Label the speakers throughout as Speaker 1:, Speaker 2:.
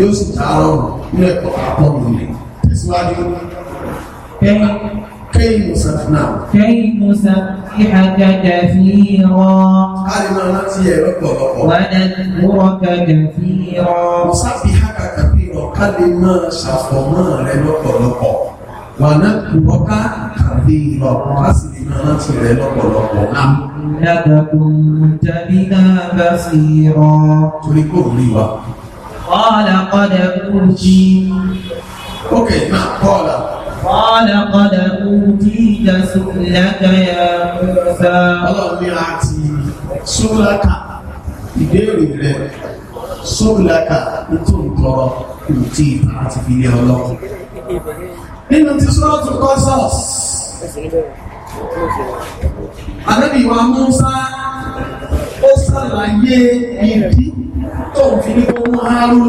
Speaker 1: yóò sì já rọrùn ní ẹ̀kọ́ àpọ̀lù rẹ̀ tẹ̀síwájú kẹ́yìn musa náà. kẹ́yìn musa
Speaker 2: kí àjàjà fi rọ. káàdì máa láti ẹ̀rọ pọ̀lọpọ̀. wàdà múrọ̀ kàjà fi rọ.
Speaker 1: musa fi hàkà kàfi rọ káàdì máa ṣàfọ̀mọ́ rẹ̀ lọ́pọ̀lọpọ̀. wàdà múrọ̀ kàfi rọ káàdì máa láti rẹ̀ lọ́pọ̀lọpọ̀ náà.
Speaker 2: Nàdàkùn tàbí náà bá sí rọ. Torí kò rí wa. قال قد أوتيت أوكي قال قال قد أوتيت سؤلك يا موسى الله يعطي
Speaker 1: a ti sólàkà ìbéèrè rẹ sólàkà nítorí tọrọ ìrètí àti ìfilé ọlọ́run nínú ti sọ́ọ̀tù kọ́sọ̀s Ànábì wa Mùsá sàlàyé ìdí tó fi ní kó mú Harun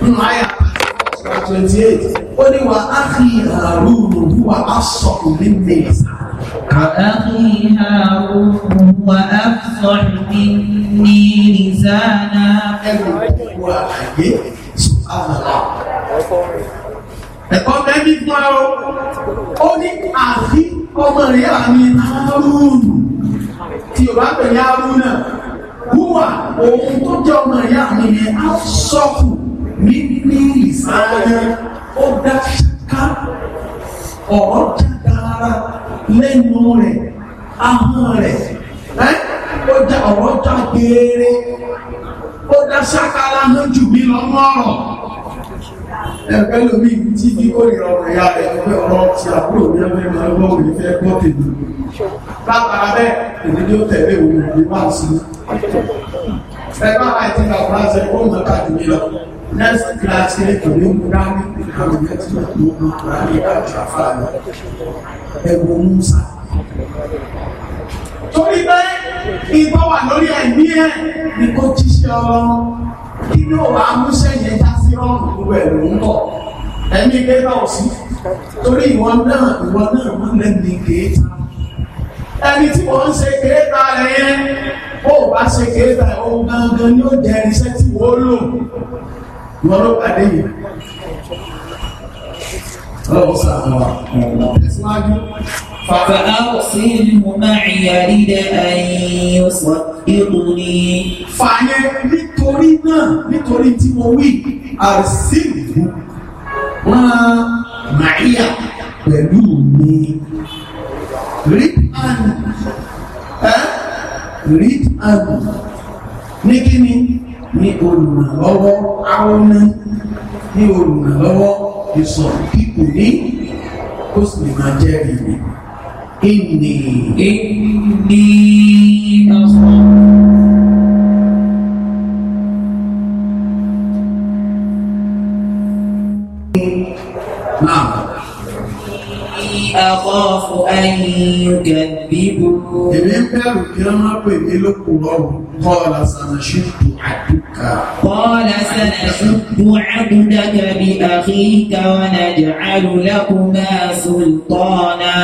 Speaker 1: nínú àyà twenty eight ó ní wà á fi Harun wà á sọ̀rọ̀ ní mẹ́ta. وأخي هارون
Speaker 2: وأفصح مني لسانا Ẹ̀kọ́
Speaker 1: mẹ́rin fún ẹ o, ó ní àfi ọmọ rẹ̀ àmì àrùn tí Yorùbá pè ní Haruna wúwà òun tó jẹ́ ọmọ ìyá mi yẹn á sọ́kù ní ní ìsáyẹ ó dá ká ọ̀rọ̀ dára lẹ́nu rẹ̀ ahọ́n rẹ̀ ẹ́ ó dá ọ̀rọ̀ dá geere ó dá sákàlà hàn jù lọ́mọ́ ọ̀rọ̀ ẹgbẹ́ lómi tí kí ó rí ọ̀rọ̀ ya rẹ̀ ẹgbẹ́ ọ̀rọ̀ ti àbúrò ní ẹgbẹ́ máa ń gbọ́wò ní fẹ́ gbọ́ tèmi látara bẹ́ẹ̀ èmi ni ó tẹ̀lé òun ìlú máa sí ẹgbẹ́ àti ìgbàgbọ́ àti ẹgbẹ́ òun náà kàdé mi lọ next class yẹn kò ní mú dání ìkàwé yẹn ti lọ mú mú rárí àjọ àfààní ẹgbẹ́ musa
Speaker 3: torí pé ìgbọ́ wà lórí ẹ̀mí ẹ̀
Speaker 1: ní kó jíṣẹ́ ọlọ́run kí ló wàá múṣẹ́ yẹn rọrùn gbogbo ẹ̀rù ń bọ̀ ẹ̀mí ilé náà sí torí ìwọ náà ìwọ náà má lẹ́nu kéèta ẹni tí wọ́n ń ṣe kéèta rẹ̀ yẹn ó bá ṣe kéèta ohun gangan ni ó jẹ́ irinṣẹ́ tí wọ́n lò wọ́n ló pàdé yìí ọlọ́run sàánú wa.
Speaker 2: فأرسله معي رد أن يصدقني.
Speaker 1: Fàyẹ nítorí náà nítorí tí mo wí àrùsílù máa màáyà pẹ̀lú mi. Read and eh? read and ní kíni ní olùrànlọ́wọ́ àwọn ní olùrànlọ́wọ́ you some people ní ó sì lè máa jẹ́rìí mi. Ìní. Ìní ọ̀sán.
Speaker 2: أن يكذبون
Speaker 1: قال سنشد عبدك قال سنشد عبدك بأخيك ونجعل لكما
Speaker 2: سلطانا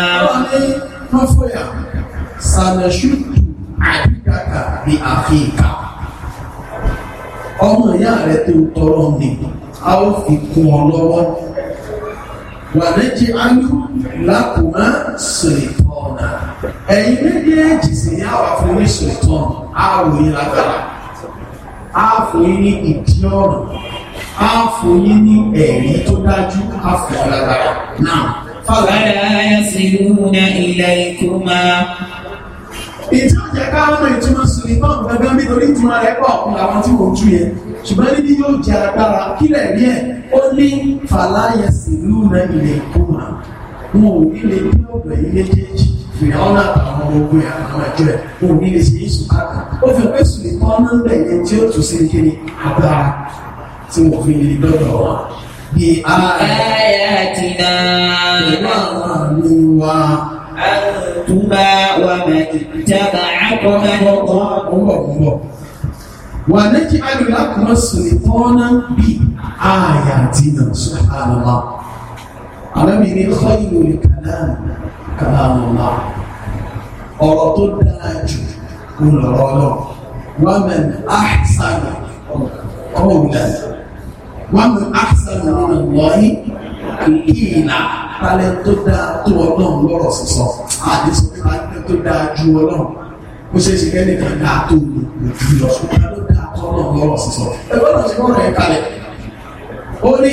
Speaker 2: سنشد
Speaker 3: عبدك
Speaker 1: بأخيك ọmọ ìyá rẹ tó tọrọ ni a ó fi kún ọ lọ́wọ́ wàlẹ́jì ayú lákùnmá sèlítọ́ọ̀nà ẹ̀yin méjèèjì sì ní àwọn fún ní sèlítọ́ọ̀nà àwòyìn lágbára àfòyìn ní ìdí ọ̀rọ̀ àfòyìn ní ẹ̀rí tó dájú àfòyìn lágbára náà. fọlá yà á yà sí lúna ilẹ̀ ìkó máa ìtí ó jẹ́ káàmù ìtumọ̀ sùlìtàn gangan bí torí ìtumọ̀ rẹ̀ pọ̀ làwọn tí kò tú yẹn ṣùgbọ́n níbi yóò jẹ́ agbára kílẹ̀ rí ẹ̀ ó ní fàlàyé sílù náà ilẹ̀ ìkómà wọn ò ní lè dé ọ̀dọ̀ yìí méjèèjì fìyàwọ́n àtàwọn ọmọ ogun àwọn ẹ̀jọ́ ẹ̀ wọn ò ní lè ṣe é sùn káàkiri ó fi pé sùlìtàn náà ń bẹ̀ yẹn tí ó tún sí kíni agbára tí wọ́n fi lè dọ́dọ̀ wọn bí ayé àtìná ìwà أنتما ومن
Speaker 2: اتبعكما
Speaker 1: الغالبون ونجعل لكم سلطانا بآياتنا سبحان الله ألم يكن خير
Speaker 3: الكلام
Speaker 1: كلام الله ọ̀rọ̀ tó dáa jù ń lọ̀rọ̀ lọ wàmẹ̀n àṣàlẹ̀ ọ̀rọ̀ ọ̀gbìn wàmẹ̀n àṣàlẹ̀ ọ̀rọ̀ lọ́yìn ìhìnà talẹ̀ tó dáa tó ọlọ́run lọ́rọ̀ sísọ àdìsọ nípa ilé tó dáa ju ọlọ́run ó ṣe é ṣe kẹ́lẹ́ kan dáa tó lò lò jù lọ ṣùgbọ́n ló dáa tó ọlọ́run lọ́rọ̀ sísọ ẹgbẹ́ náà ṣe wọ́n rẹ̀ kalẹ̀ ó ní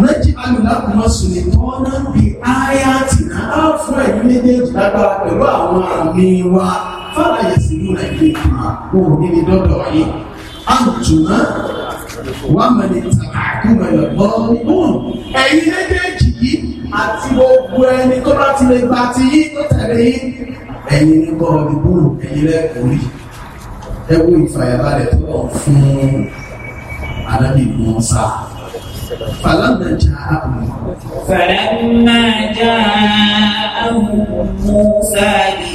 Speaker 1: méjì alùlákùnmọ́ sùnì tọ́nà bí áyá tìǹà á fún ẹ̀mí méjèèjì lágbára pẹ̀lú àwọn àmì wa fáwọn àyẹ̀sìn ní nàìjíríà òun ní ní wọ́n mọ̀ ní àkúrò ẹ̀ lọ́rùn. ẹ̀yin méjèèjì yìí àti gbogbo ẹni tó bá ti lè gba ti yí tó tẹ̀lé yí ẹ̀yin ní kọ́ ọdún búrò ẹ̀yin lẹ́kọ̀ọ́ rí ẹ wo ìfàyàbalẹ̀ tó lọ fún alábì Mùsá. Fàlámà já àmì. Fàlámà
Speaker 2: já àmì Mùsá bí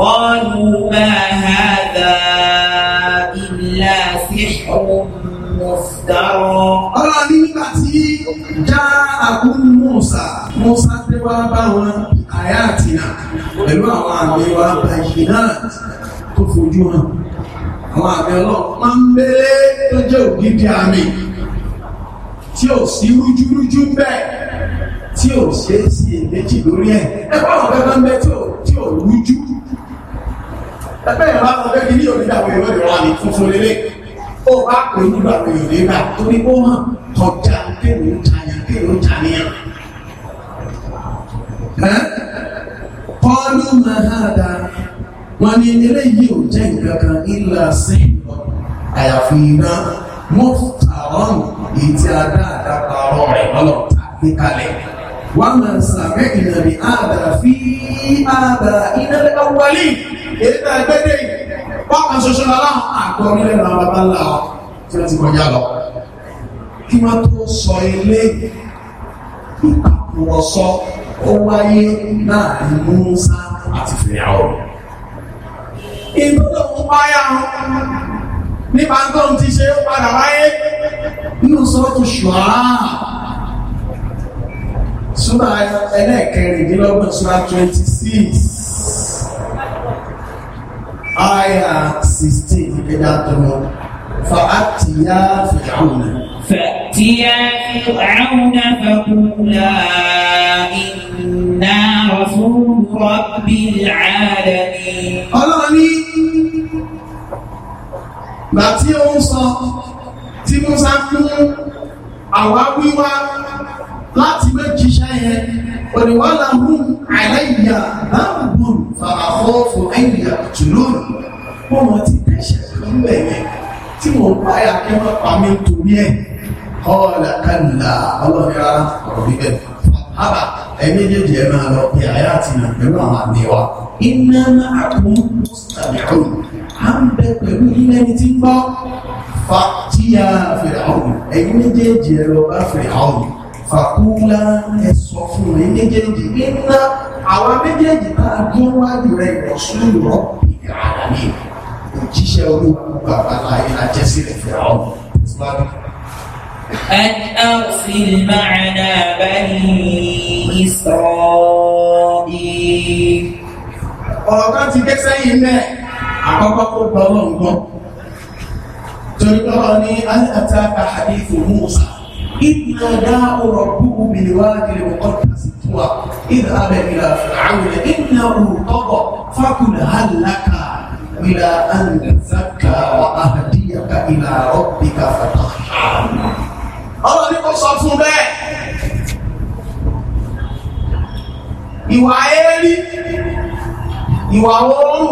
Speaker 2: قالوا ما هذا إلا سحر مفترى ọlọ́run
Speaker 1: ní nígbà tí já àkúrú mọ́sá mọ́sá tẹ́ wá bá wọn àyà àtìyà pẹ̀lú àwọn àmì wa bàyìí náà tó fojú hàn àwọn àmì ọlọ́run máa ń bẹ́lẹ́ tó jẹ́ ògidì àmì tí ò sí rújúrújú bẹ́ẹ̀ tí ò ṣe é sí èméjì lórí ẹ̀ ẹ̀kọ́ àwọn gẹ́gẹ́ bẹ́ẹ̀ tí ò rújú ẹgbẹ́ yẹn bá sọ pé kí ní òdìdá àwọn èrò ìrọ̀ àmì tuntun lélẹ̀ ó bá pè ní ìgbà àwọn èrò nígbà torí ó hàn kọjá kéèrò ń tàyàn kéèrò ń tàníyàn. pọ́lú mahada wọn ni eléyìí ò jẹ́ nǹkan iná mọ́tàrọ́nù èyí tí a dá àdáparọ́ tàbí kalẹ̀. وما سمعنا بآبا في آبائنا الأولين إذا بدي bákan ṣoṣo lára àgbọ̀ orílẹ̀ náà bá bá ńlá tí wọ́n ti kọjá lọ kí wọ́n tó sọ ilé ìpàkùrọ̀sọ ó wáyé láàrin Músà àti Fìyàwó ìbúlò ń páyà nípa tó ń ti ṣe ó padà wáyé nínú sọ́tò ṣùgbọ́n súnà ẹlẹ́ẹ̀kẹrìndínlọ́gbọ̀n súnà twenty six àyà sixteen ẹ̀dá tọ̀nà fàátìyà fìyàwó. فأتيا
Speaker 2: فرعون فقولا إنا رسول رب العالمين
Speaker 1: ọlọ́run ní gbà tí ó ń sọ tí Musa fún àwa wíwá láti méjì iṣẹ́ yẹn òníwàlà hùn
Speaker 3: àìlẹ́yà
Speaker 1: láàbùn fàbàfọ́ fún ẹ̀yà tùlùm wọ́n mọ̀ ti dẹ́ṣẹ̀ kan bẹ̀ yẹn tí mo bá yà kí wọ́n pa mí torí ẹ̀ kọ́ọ̀lá kàlá ọlọ́run rárá ọ̀rọ̀ bíbẹ̀ hábà ẹ̀mí méjèèjì ẹ̀ máa lọ bí àyà àti ìlànà pẹ̀lú àwọn àmì wa iná máa kún mọ́sítàbíkùn à ń bẹ pẹ̀lú ilé ẹni tí ń bọ́ fa tíya fèrè àwọn ẹ̀yin méjèèjì lọ bá fèrè àwọn fàkúlá ẹ sọ fún mi méjèèjì iná àwọn méjèèjì tá a dún wájú rẹ ìrọ̀sùn ìrọ̀ ìyá àlàyé òjíṣẹ́ olúwa bàbá láyé ajẹ́sílẹ̀ fẹ́ràn ọ̀hún. أن أرسل معنا بني ní alẹ́ إذ ناداه ربه بالوادي المقدس طوى اذهب إلى فرعون إنه طغى فقل هل لك إلى أن تزكى وأهديك إلى ربك فتخشى ọ̀rọ̀ ní kò sọ fún bẹ́ẹ̀ ìwà ẹ̀rí ìwà oorun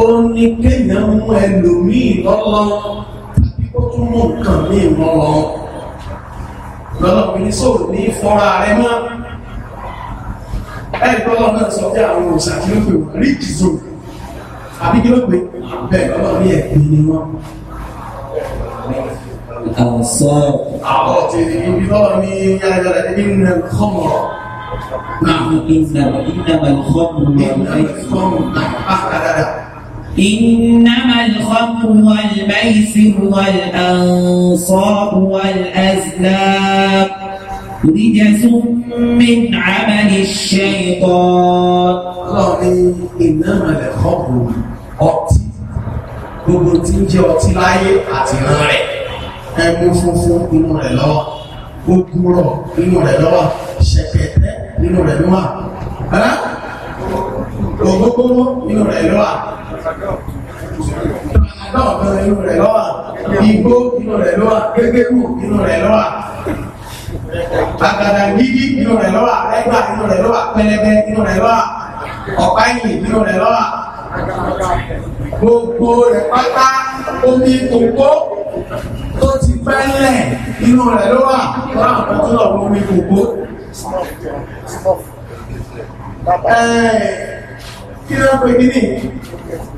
Speaker 1: òun ni kéèyàn mú ẹlòmíì lọ́lọ́
Speaker 3: tàbí kó tún mú
Speaker 1: nǹkan míì mọ́ lọ́wọ́ lọ́nà òmìnir sóò ní fọ́nra rẹ mọ́ ẹ̀rí tọ́lọ́ náà sọ pé àwọn òòsà kí ló pè wọ́n rí jìzò àbí kí ló pè bẹ́ẹ̀ lọ́nà ní ẹ̀pẹ́ ni wọ́n. àṣọ àwọn ti ibi tọ́lọ́ ní yára nínú kọ́mọ̀ náà. ìdàgbà
Speaker 2: ìdàgbà ìkọ́mù náà. ìdàgbà ìkọ́mù náà. إنما الخمر والميسر والأنصاب والأزلام رجس من عمل الشيطان
Speaker 1: إنما الخمر ọtí gbogbo tí ń jẹ ọtí láyé àti ìran rẹ̀ ẹmu funfun inú rẹ̀ lọ́wọ́ gbogbo rọ inú rẹ̀ lọ́wọ́ ṣẹ̀kẹ̀tẹ̀ inú rẹ̀ lọ́wọ́ gbogbo inú rẹ̀ lọ́wọ́. Náà kan inú rẹ̀ lọ́wà, igbó inú rẹ̀ lọ́wà, gégékù inú rẹ̀ lọ́wà, àgàdà gidi inú rẹ̀ lọ́wà, ẹgbà inú rẹ̀ lọ́wà, pẹlẹbẹ inú rẹ̀ lọ́wà, ọ̀pá ìyìn inú rẹ̀ lọ́wà. Gbogbo rẹ̀ pátá omi kòkó tó ti pẹ́lẹ̀ inú rẹ̀ lọ́wà, láwọn kan tó lọ omi kòkó kí ló ń pè ní ní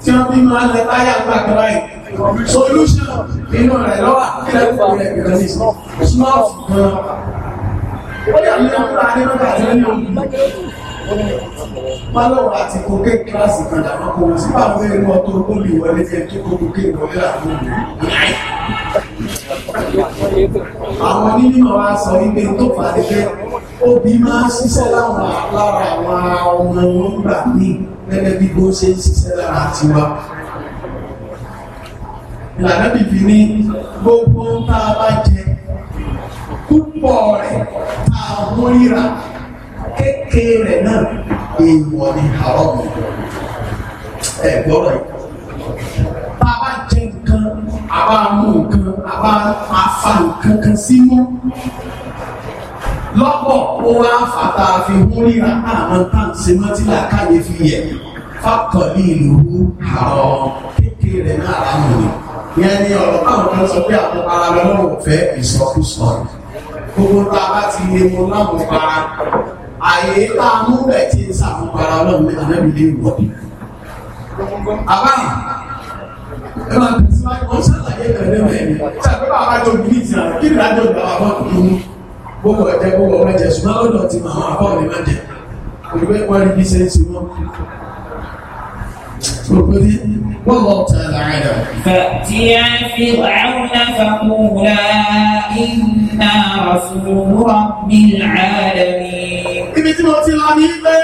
Speaker 1: tí wọ́n bí máa ń lẹ táyà gbàgbà yìí solution nínú rẹ̀ lọ́wọ́ kí ló ń pè rẹ̀ because it's not small gan. ó yà mí lọ́wọ́ láti lọ́wọ́ àti lọ́wọ́ pálọ̀wọ̀ àti kókè kíláàsì kan dàgbà kò wọ́n sí pàmò ẹ̀rọ ọ̀tọ̀ olè wọlé jẹ́ tó kó kókè wọlé àwọn olè. àwọn onímọ̀ wa sọ ibi tó fàdé pé obì máa ń ṣiṣẹ́ láwọn lára àwọn ọmọ wọn gbà míì gẹ́gẹ́ bí bó ṣe ń ṣiṣẹ́ lára àti wa ìlànà bìbí ní gbogbo ń tá a bá jẹ púpọ̀ rẹ̀ tá a mú ríra kékeré rẹ̀ náà èèwọ̀ ni àrọ́ mi ẹ̀ gbọ́dọ̀ yìí tá a bá jẹ nǹkan a bá mú nǹkan a bá fa nǹkan kan sínú lọ́pọ̀ ó wá fàtà fi hún ríra àwọn táǹsì mọ́tílà káyé fi yẹ fákọ̀lì ìlú àrọ̀ kékeré náà ráyè yẹn ni ọ̀rọ̀ táwọn kan sọ pé àwọn ara lọ́wọ́ fẹ́ ìsọkúsọ gbogbo tá a bá ti lè mú láwọn para àyè tá a mú bẹ̀ tí ń sàmúpara ọlọ́run ní ànábìlẹ̀ ìwọ̀dì. àbáyé ẹ máa tẹ̀síwájú
Speaker 3: ọ̀sán àyè bẹ̀rẹ̀
Speaker 1: mẹ́rin tí àbúrò àbájọ bìlìtì àrùn kí ìdájọ́ ìgbà wà wọ́n tó gbogbo ẹ̀jẹ̀ gbogbo ọ̀rẹ́jẹ̀ ṣùgbọ́n lọ́dọ̀ ti mọ̀ àwọn àbáwọ̀ lè má jẹ́ òyìnbó ẹ̀kọ́ rí bí ṣe ń ṣe mọ́ Sọ̀rọ̀kọ́dí wọ́n lọ tẹ̀ láàrẹ̀.
Speaker 2: Fàtí á fi àwọn afẹ́kùnrin iná àfúrúwọ́ bí láàrẹ̀ ni.
Speaker 1: Ibi tí mo ti lọ ní pé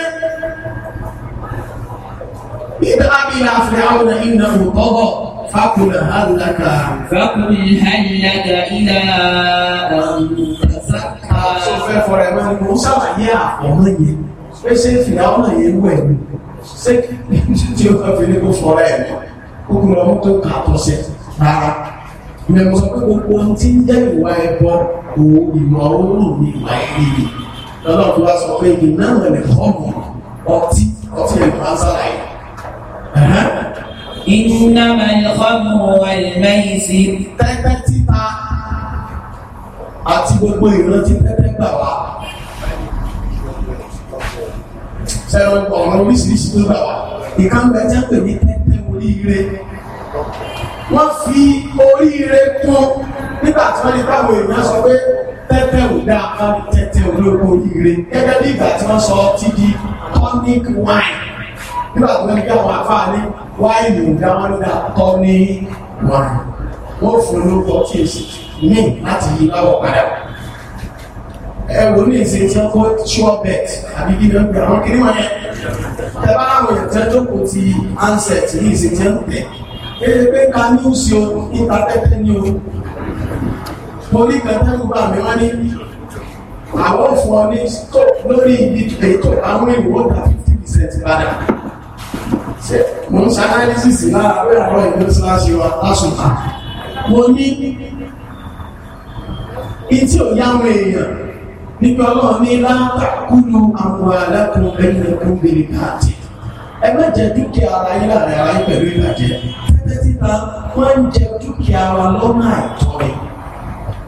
Speaker 1: إذا أبي فرعون إنه
Speaker 2: طغى فقل هل لك فقل هل لك إلى
Speaker 3: أن
Speaker 1: sọ fẹ́ fọ́ra ẹ̀mọ́ ni mo ń ṣàlàyé àfọ̀mọ́ yẹn pé ṣé fìyàwó náà yẹn wẹ̀ mí ṣé tí o bá fi ní kó fọ́ra ẹ̀mọ́ kó kú lọ́mú tó kà tó ṣe rárá mẹ́mọ́ sọ pé gbogbo ohun tí ń jẹ́ ìwà ẹbọ kò ìmọ̀ oòrùn ní ìwà ìbílẹ̀ lọ́nà tó wá sọ pé ìgbì náà lè fọ́ọ̀mù
Speaker 2: ọtí ọtí ẹ̀ máa ń ṣàlàyé. Ìnàmọ̀ ìlú ọmọ wa ìlú mẹ́yìn sí. Tẹ́tẹ́ títa àti
Speaker 1: gbogbo ìrántí tẹ́tẹ́ gbà wá ṣẹlẹ̀ ọ̀rọ̀ oríṣiríṣi tó gbà wá ìkànnì ẹ̀jẹ̀ pè ní tẹ́tẹ́ oríire wọ́n fi oríire kún nígbà tí wọ́n lè báwọn èèyàn sọ pé tẹ́tẹ́ ò dáa ká ní tẹ́tẹ́ olóko oríire gẹ́gẹ́ bí ìgbà tí wọ́n sọ ti di tonic wine nígbà tí wọ́n gbé àwọn afáà ní wáìnì ìdáwọ́n ní tonic wine wọ́n fún un lórúkọ tí èsì tí ní láti yí láwọ̀ padà ẹwọ ní ìsìn tí wọ́n kọ́ ṣọ́ọ̀bẹ̀t àbí gíga ń gbẹ̀rọ kí ní wọ́n yẹn tẹ́bá láwọn èèyàn tẹ́ tó kò ti ansẹ̀t ní ìsìn tí wọ́n tẹ̀ èyí pé ká ní ìsì o níta tẹ́tẹ́ ní o torí kan tẹ́lú bá mi wọ́n ní àwọn fún ọ ní lórí ìdíje ètò àwọn ìwò ta fifty percent padà mo ń ṣe analysis láàárọ̀ ìlú síláṣí wa lásùnkà mo ní Ìtí ò yá àwọn èèyàn nígbà ọlọ́run ní látàkùlù àwọn alákùn lẹ́yìn ẹkùn bèrè káàtì. Ẹ má jẹ dúkìá ara yín láàrin ara yín pẹ̀lú ìbàjẹ́. Tẹ́tẹ́ títa wọ́n ń jẹ dúkìá wa lọ́nà àìtọ́ rẹ̀.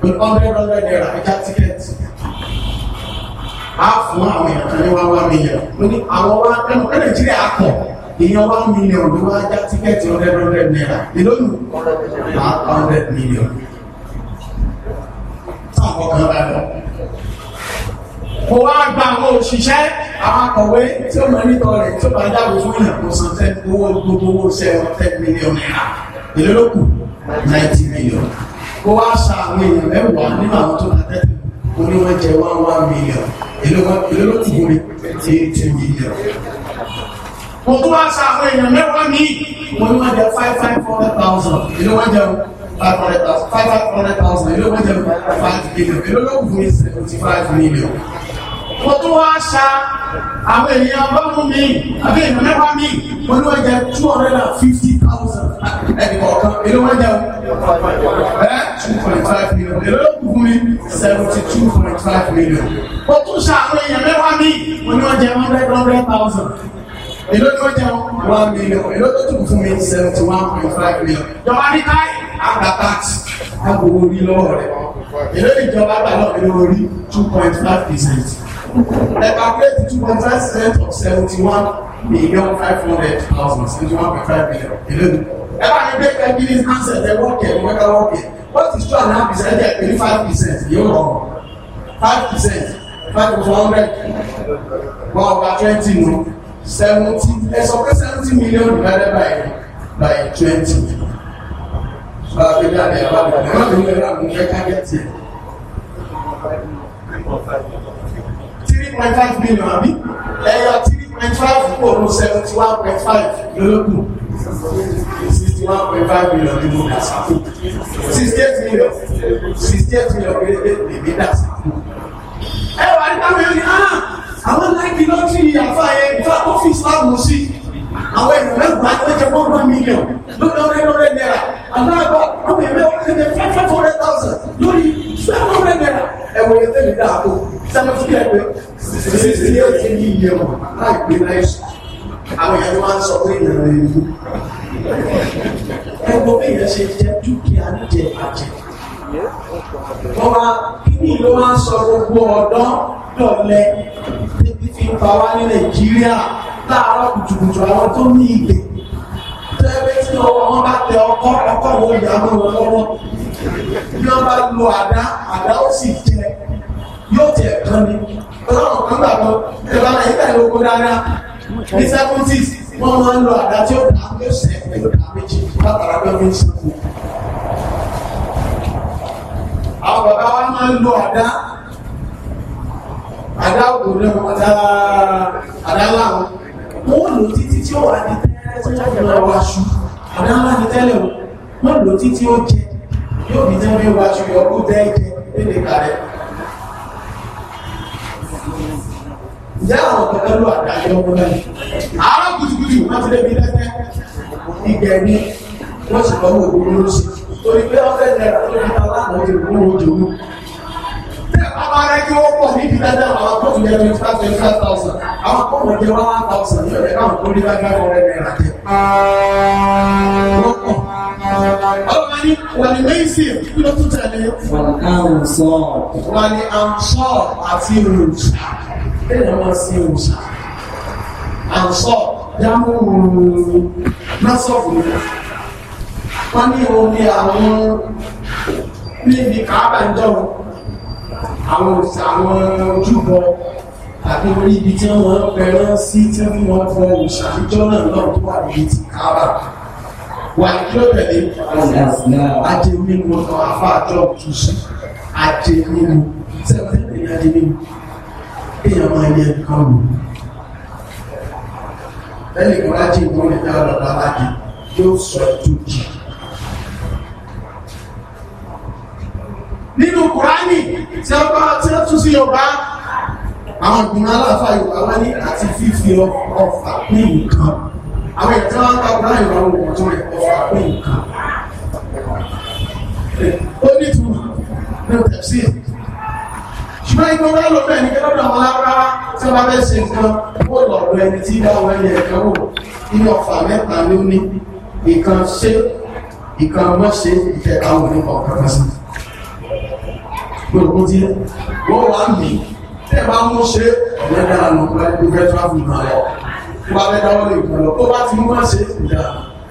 Speaker 1: Pẹ̀lú ọ̀rẹ́ lọ́rẹ́ náírà ẹja tíkẹ́ẹ̀tì. A fún àwọn èèyàn kan ní wá wá mílíọ̀n. Mo ní àwọn wá ẹnu pé Nàìjíríà kọ̀ èèyàn wá mílíọ̀n ló wá já tíkẹ́ẹ̀tì ọ̀rẹ́ náírà. Ìlóyún ọ̀rẹ́ mílíọ̀n táwọn kan bá bọ̀. Mo wá gba àwọn òṣìṣẹ́ akọ̀wé tí ó mọ nítọ̀ rẹ̀ tí ó bá dáàbò fún ìyàn san ten owó gbogbo owó ṣẹ́ wọn ten million naira. Èlé ninety million. Mo wá sa àwọn èèyàn mẹ́wàá nínú àwọn tó bá
Speaker 3: tẹ́tù. Mo ní wọ́n jẹ one one million. Èlé ló kù mi eighty million.
Speaker 1: Mo tún wá sa àwọn èèyàn mẹ́wàá mi. Mo ní wọ́n jẹ five five hundred thousand. Èlé wọ́n five hundred thousand five hundred thousand èló wọ́n jẹ five million èló ló kù ní seventy five million. mo tún wá ṣá àwọn ènìyàn báwọn mi àbí ènìyàn mẹ́fà mi wọ́n ní wọ́n jẹ two hundred and fifty thousand ẹnì kọ̀ọ̀kan èló wọ́n jẹ ẹ two point five million èló ló kù ní seventy two point five million. mo tún ṣá àwọn ènìyàn mẹ́fà mi wọ́n ní wọ́n jẹ hundred hundred thousand èló ni ó jẹ́ one million èló tó tún fún mi seventy one point five million ìjọba ní táyì àgbà tax agbowó orí lọ́wọ́ rẹ̀ èló ìjọba àgbà náà èló orí two point five percent evaporate two point five percent of seventy one million five hundred thousand seventy one point five million èló ni ẹ bá ní gbé ten billion answer ẹ wọ́ọ̀kì ẹ̀ wọ́ọ̀kì wọ́ọ̀kì what is two and a half percent ẹ̀ pẹ̀lú five percent yóò rọrùn five percent five hundred one over twenty nù seventy ẹ sọ pé seventy million divided by by twenty
Speaker 3: bá fi dáadé ẹ bá a fi dáadé ẹ bá a fi dáadé ẹ
Speaker 1: three point five million àbí
Speaker 3: ẹyọ three
Speaker 1: point five kò seventy one point five lólókù sixty one point five million ní mo dà sáfù sixty eight million sixty eight million lè lè dà sáfù ẹ wà ní táwọn yóò àwọn láìpì lọ́tìrì àfáàyẹ ìfà tó fi ìsìláàmù sí àwọn èèyàn mẹ́gbàá tó jẹ gbọ́gbọ́n mílíọ̀n lórí lórí náírà aláàbọ̀ ọmọ ìwé ọ̀kẹ́dẹ̀ five hundred thousand lórí five hundred naira ẹ̀wọ̀n ètò ìdá àpò sábẹ́ fún ẹgbẹ́ sísè ní ọtí yìí yẹ wọn láìpé láìsù àwọn èèyàn máa ń sọ pé ìlànà ìlú ẹ̀gbọ́n èèyàn ṣe jẹ dúkìá jẹ àjẹ wọn máa kí ni ló máa ń sọ gbogbo ọ̀dọ́ dọ̀lẹ tẹ́bí fi ń pa wá ní nàìjíríà láàárọ̀ kùtùkùtù àwọn tó ní ìgbè tẹ́lẹ̀ tí ọwọ́ wọn bá tẹ ọkọ́ ọkọ́ wọn ò dààmú wọn lọ́wọ́
Speaker 3: bí wọ́n bá lo
Speaker 1: àdá àdá ó sì jẹ yóò tẹ̀ kan ni ọlọ́run kan gbàgbọ́ ìjọba nàìjíríà ló kó dáadáa ní seventies wọ́n máa ń lo àdá tí ó dà á ló sẹ́ pẹ̀lú àméjì látara pé wọ́n ń sìnkú. àwọn bàbá wa máa ń lo àdá adáwò náà ọ̀tá adáláwò wọ́n lò títí tí ó wà ní tẹ́lẹ̀ tí wọ́n lọ wáṣu adáwò ní tẹ́lẹ̀ o wọ́n lò títí ó jẹ yóò ní tẹ́lẹ̀ wáṣu yọkú tẹ́ jẹ lédè kàrẹ́. ìyá àwọn kẹkẹ ló àdáyé ọmọ náà àárọ̀ kùtùkùtù wọ́n ti débi lẹ́tẹ́ ìgbẹ́ ní wọ́n sì lọ́wọ́ òwúrọ̀ lọ́sí torí pé ọ̀fẹ́ náírà tó ní ta láàmú ti rú ojú abáyé kí ó pọ̀ níbi dáadáa àwọn kóòtù jẹ́ twenty five twenty five thousand àwọn kóòtù jẹ́ one thousand yóò rẹ̀ káwọn kó ní bá gbá ọ̀rẹ́ náírà jẹ́. ọlọ́mọ ní wà ní lẹ́yìnsì kí ló tún tẹ̀lé. wà á sọ. wà ní à ń sọ àti òòṣà wọ́n sí òòṣà à dáhùn násọ̀fù wọ́n ní òun àwọn bíi ní kàábà ń dọ̀rùn àwọn òsà àwọn
Speaker 3: ojúbọ tàbí orí ibi tí wọ́n pẹ̀rán sí tí wọ́n fọ òsà ìjọ náà náà tó wà níbi ti kára wà ìjọ tẹ̀lé
Speaker 1: ajé mímu kan afá àjọ òtúnṣe ajé mímu sẹ́pẹ̀tẹ̀lé ajé mímu èèyàn máa yẹ nǹkan wò lẹ́yìn kan láti ìgbọ́n ìdá ọ̀rọ̀ bá láti yóò sọ ètò jìí nínú kùránì tí a bá tí a tún sí yorùbá àwọn ìgbìmọ̀ aláàfà yorùbá wá ní àti fífi ọfà pín nǹkan àwọn ìtàn wọn bá bá ìwà òwò tó rẹ ọfà pín nǹkan ó ní tu ní tẹ̀sí ṣùgbọ́n ìgbọ́n bá lọ bẹ́ẹ̀ ní kí lọ́dọ̀ àwọn arára tí wọ́n bá fẹ́ ṣe nǹkan ó lọ̀rọ̀ ẹni tí bá wọ́n yẹ ẹ̀kọ́ wò nínú ọ̀fà mẹ́ta ló ní ìkan ṣe ìkan mọ́ ṣe ìkẹta òun ní ọ̀kan kan sí i pé òkú ti wọ́n wá mí tẹ́ bá mú ṣe ìyẹn dára lọ pé ó fẹ́ travel náà lọ tó bá fẹ́ dáwọ́ lè gbà lọ tó bá ti mú má ṣe ìdá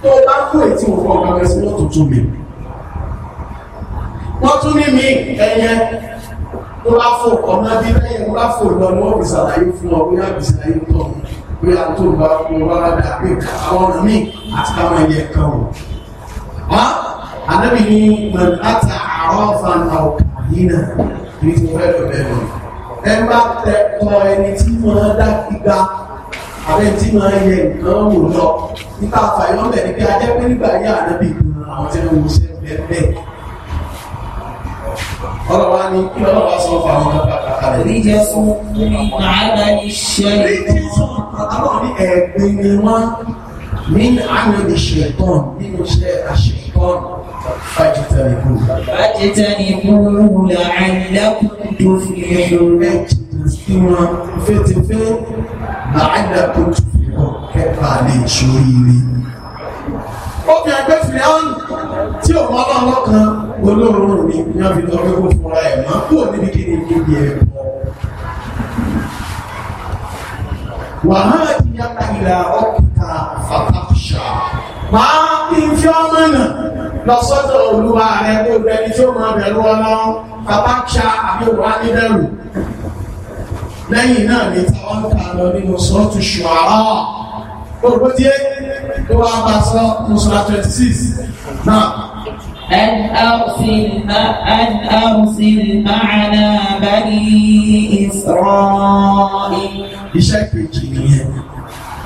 Speaker 1: tó bá kú èyí tí mo fọ́ ọ̀gá mẹ́sí wọ́n tó tún mi wọ́n tún ní mi ẹ̀yẹ tó bá fò ọ̀nà bí lẹ́yìn tó bá fò lọ ni wọ́n fi ṣàlàyé fún ọ bóyá fi ṣàlàyé tọ̀ bóyá tó bá kú ọba bá dà pé àwọn ọ̀nà míì àti káwọn ẹ̀yẹ kan wò. Ànábì ni mọ̀n láti àárọ̀ bẹ̀rẹ̀ ẹ bá tẹ kọ ẹni tí máa dá gbígbá àbẹ tí máa yẹ nǹkan wò lọ nípa àfàyàn bẹ̀rẹ̀ bí ajẹ́ pé nígbà yí ànábì àwọn tí wọ́n ṣe bẹ́ẹ̀ ọlọ́wà ni kí ọlọ́wà sọ fún àwọn kàkàkà rẹ̀ ríjẹ́ sún ní àádá iṣẹ́ ríjẹ́ sún àwọn ní ẹ̀gbìn ni wọ́n ní àmì ìṣẹ̀tọ́n nínú iṣẹ́ àṣẹ̀tọ́n
Speaker 2: فاجتنبوه فاجتنبوه لعلكم
Speaker 1: تفلحون fẹ́tẹ̀fẹ́ لعلكم تفلحون kẹ́kọ̀ọ́ àlẹ́ ìṣòro ire. ó fi ẹgbẹ́ fìlẹ́ọ̀nù tí ò mọ́ lọ́wọ́ kan olóòórùn ni wọ́n fi lọ wíwò fúnra ẹ̀ máa kú níbi kí ni níbi ẹ̀ wàhálà ti yá ìlà ọ̀kìta fàtàkùṣà máa ń fi ọmọ náà lọ sọ́dọ̀ olúwa rẹ kó gbẹni tí ó máa bẹ̀rù ọlọ́run fàbáṣà àbíwá níbẹ̀rù lẹ́yìn náà ní táwọn kà lọ nínú sọ́ọ̀tù ṣùárọ̀ gbogbo díẹ̀ tó wá bá sọ mùsùlá 26
Speaker 2: náà. أن أرسل أن أرسل معنا بني إسرائيل.
Speaker 1: iṣẹ́ kejì nìyẹn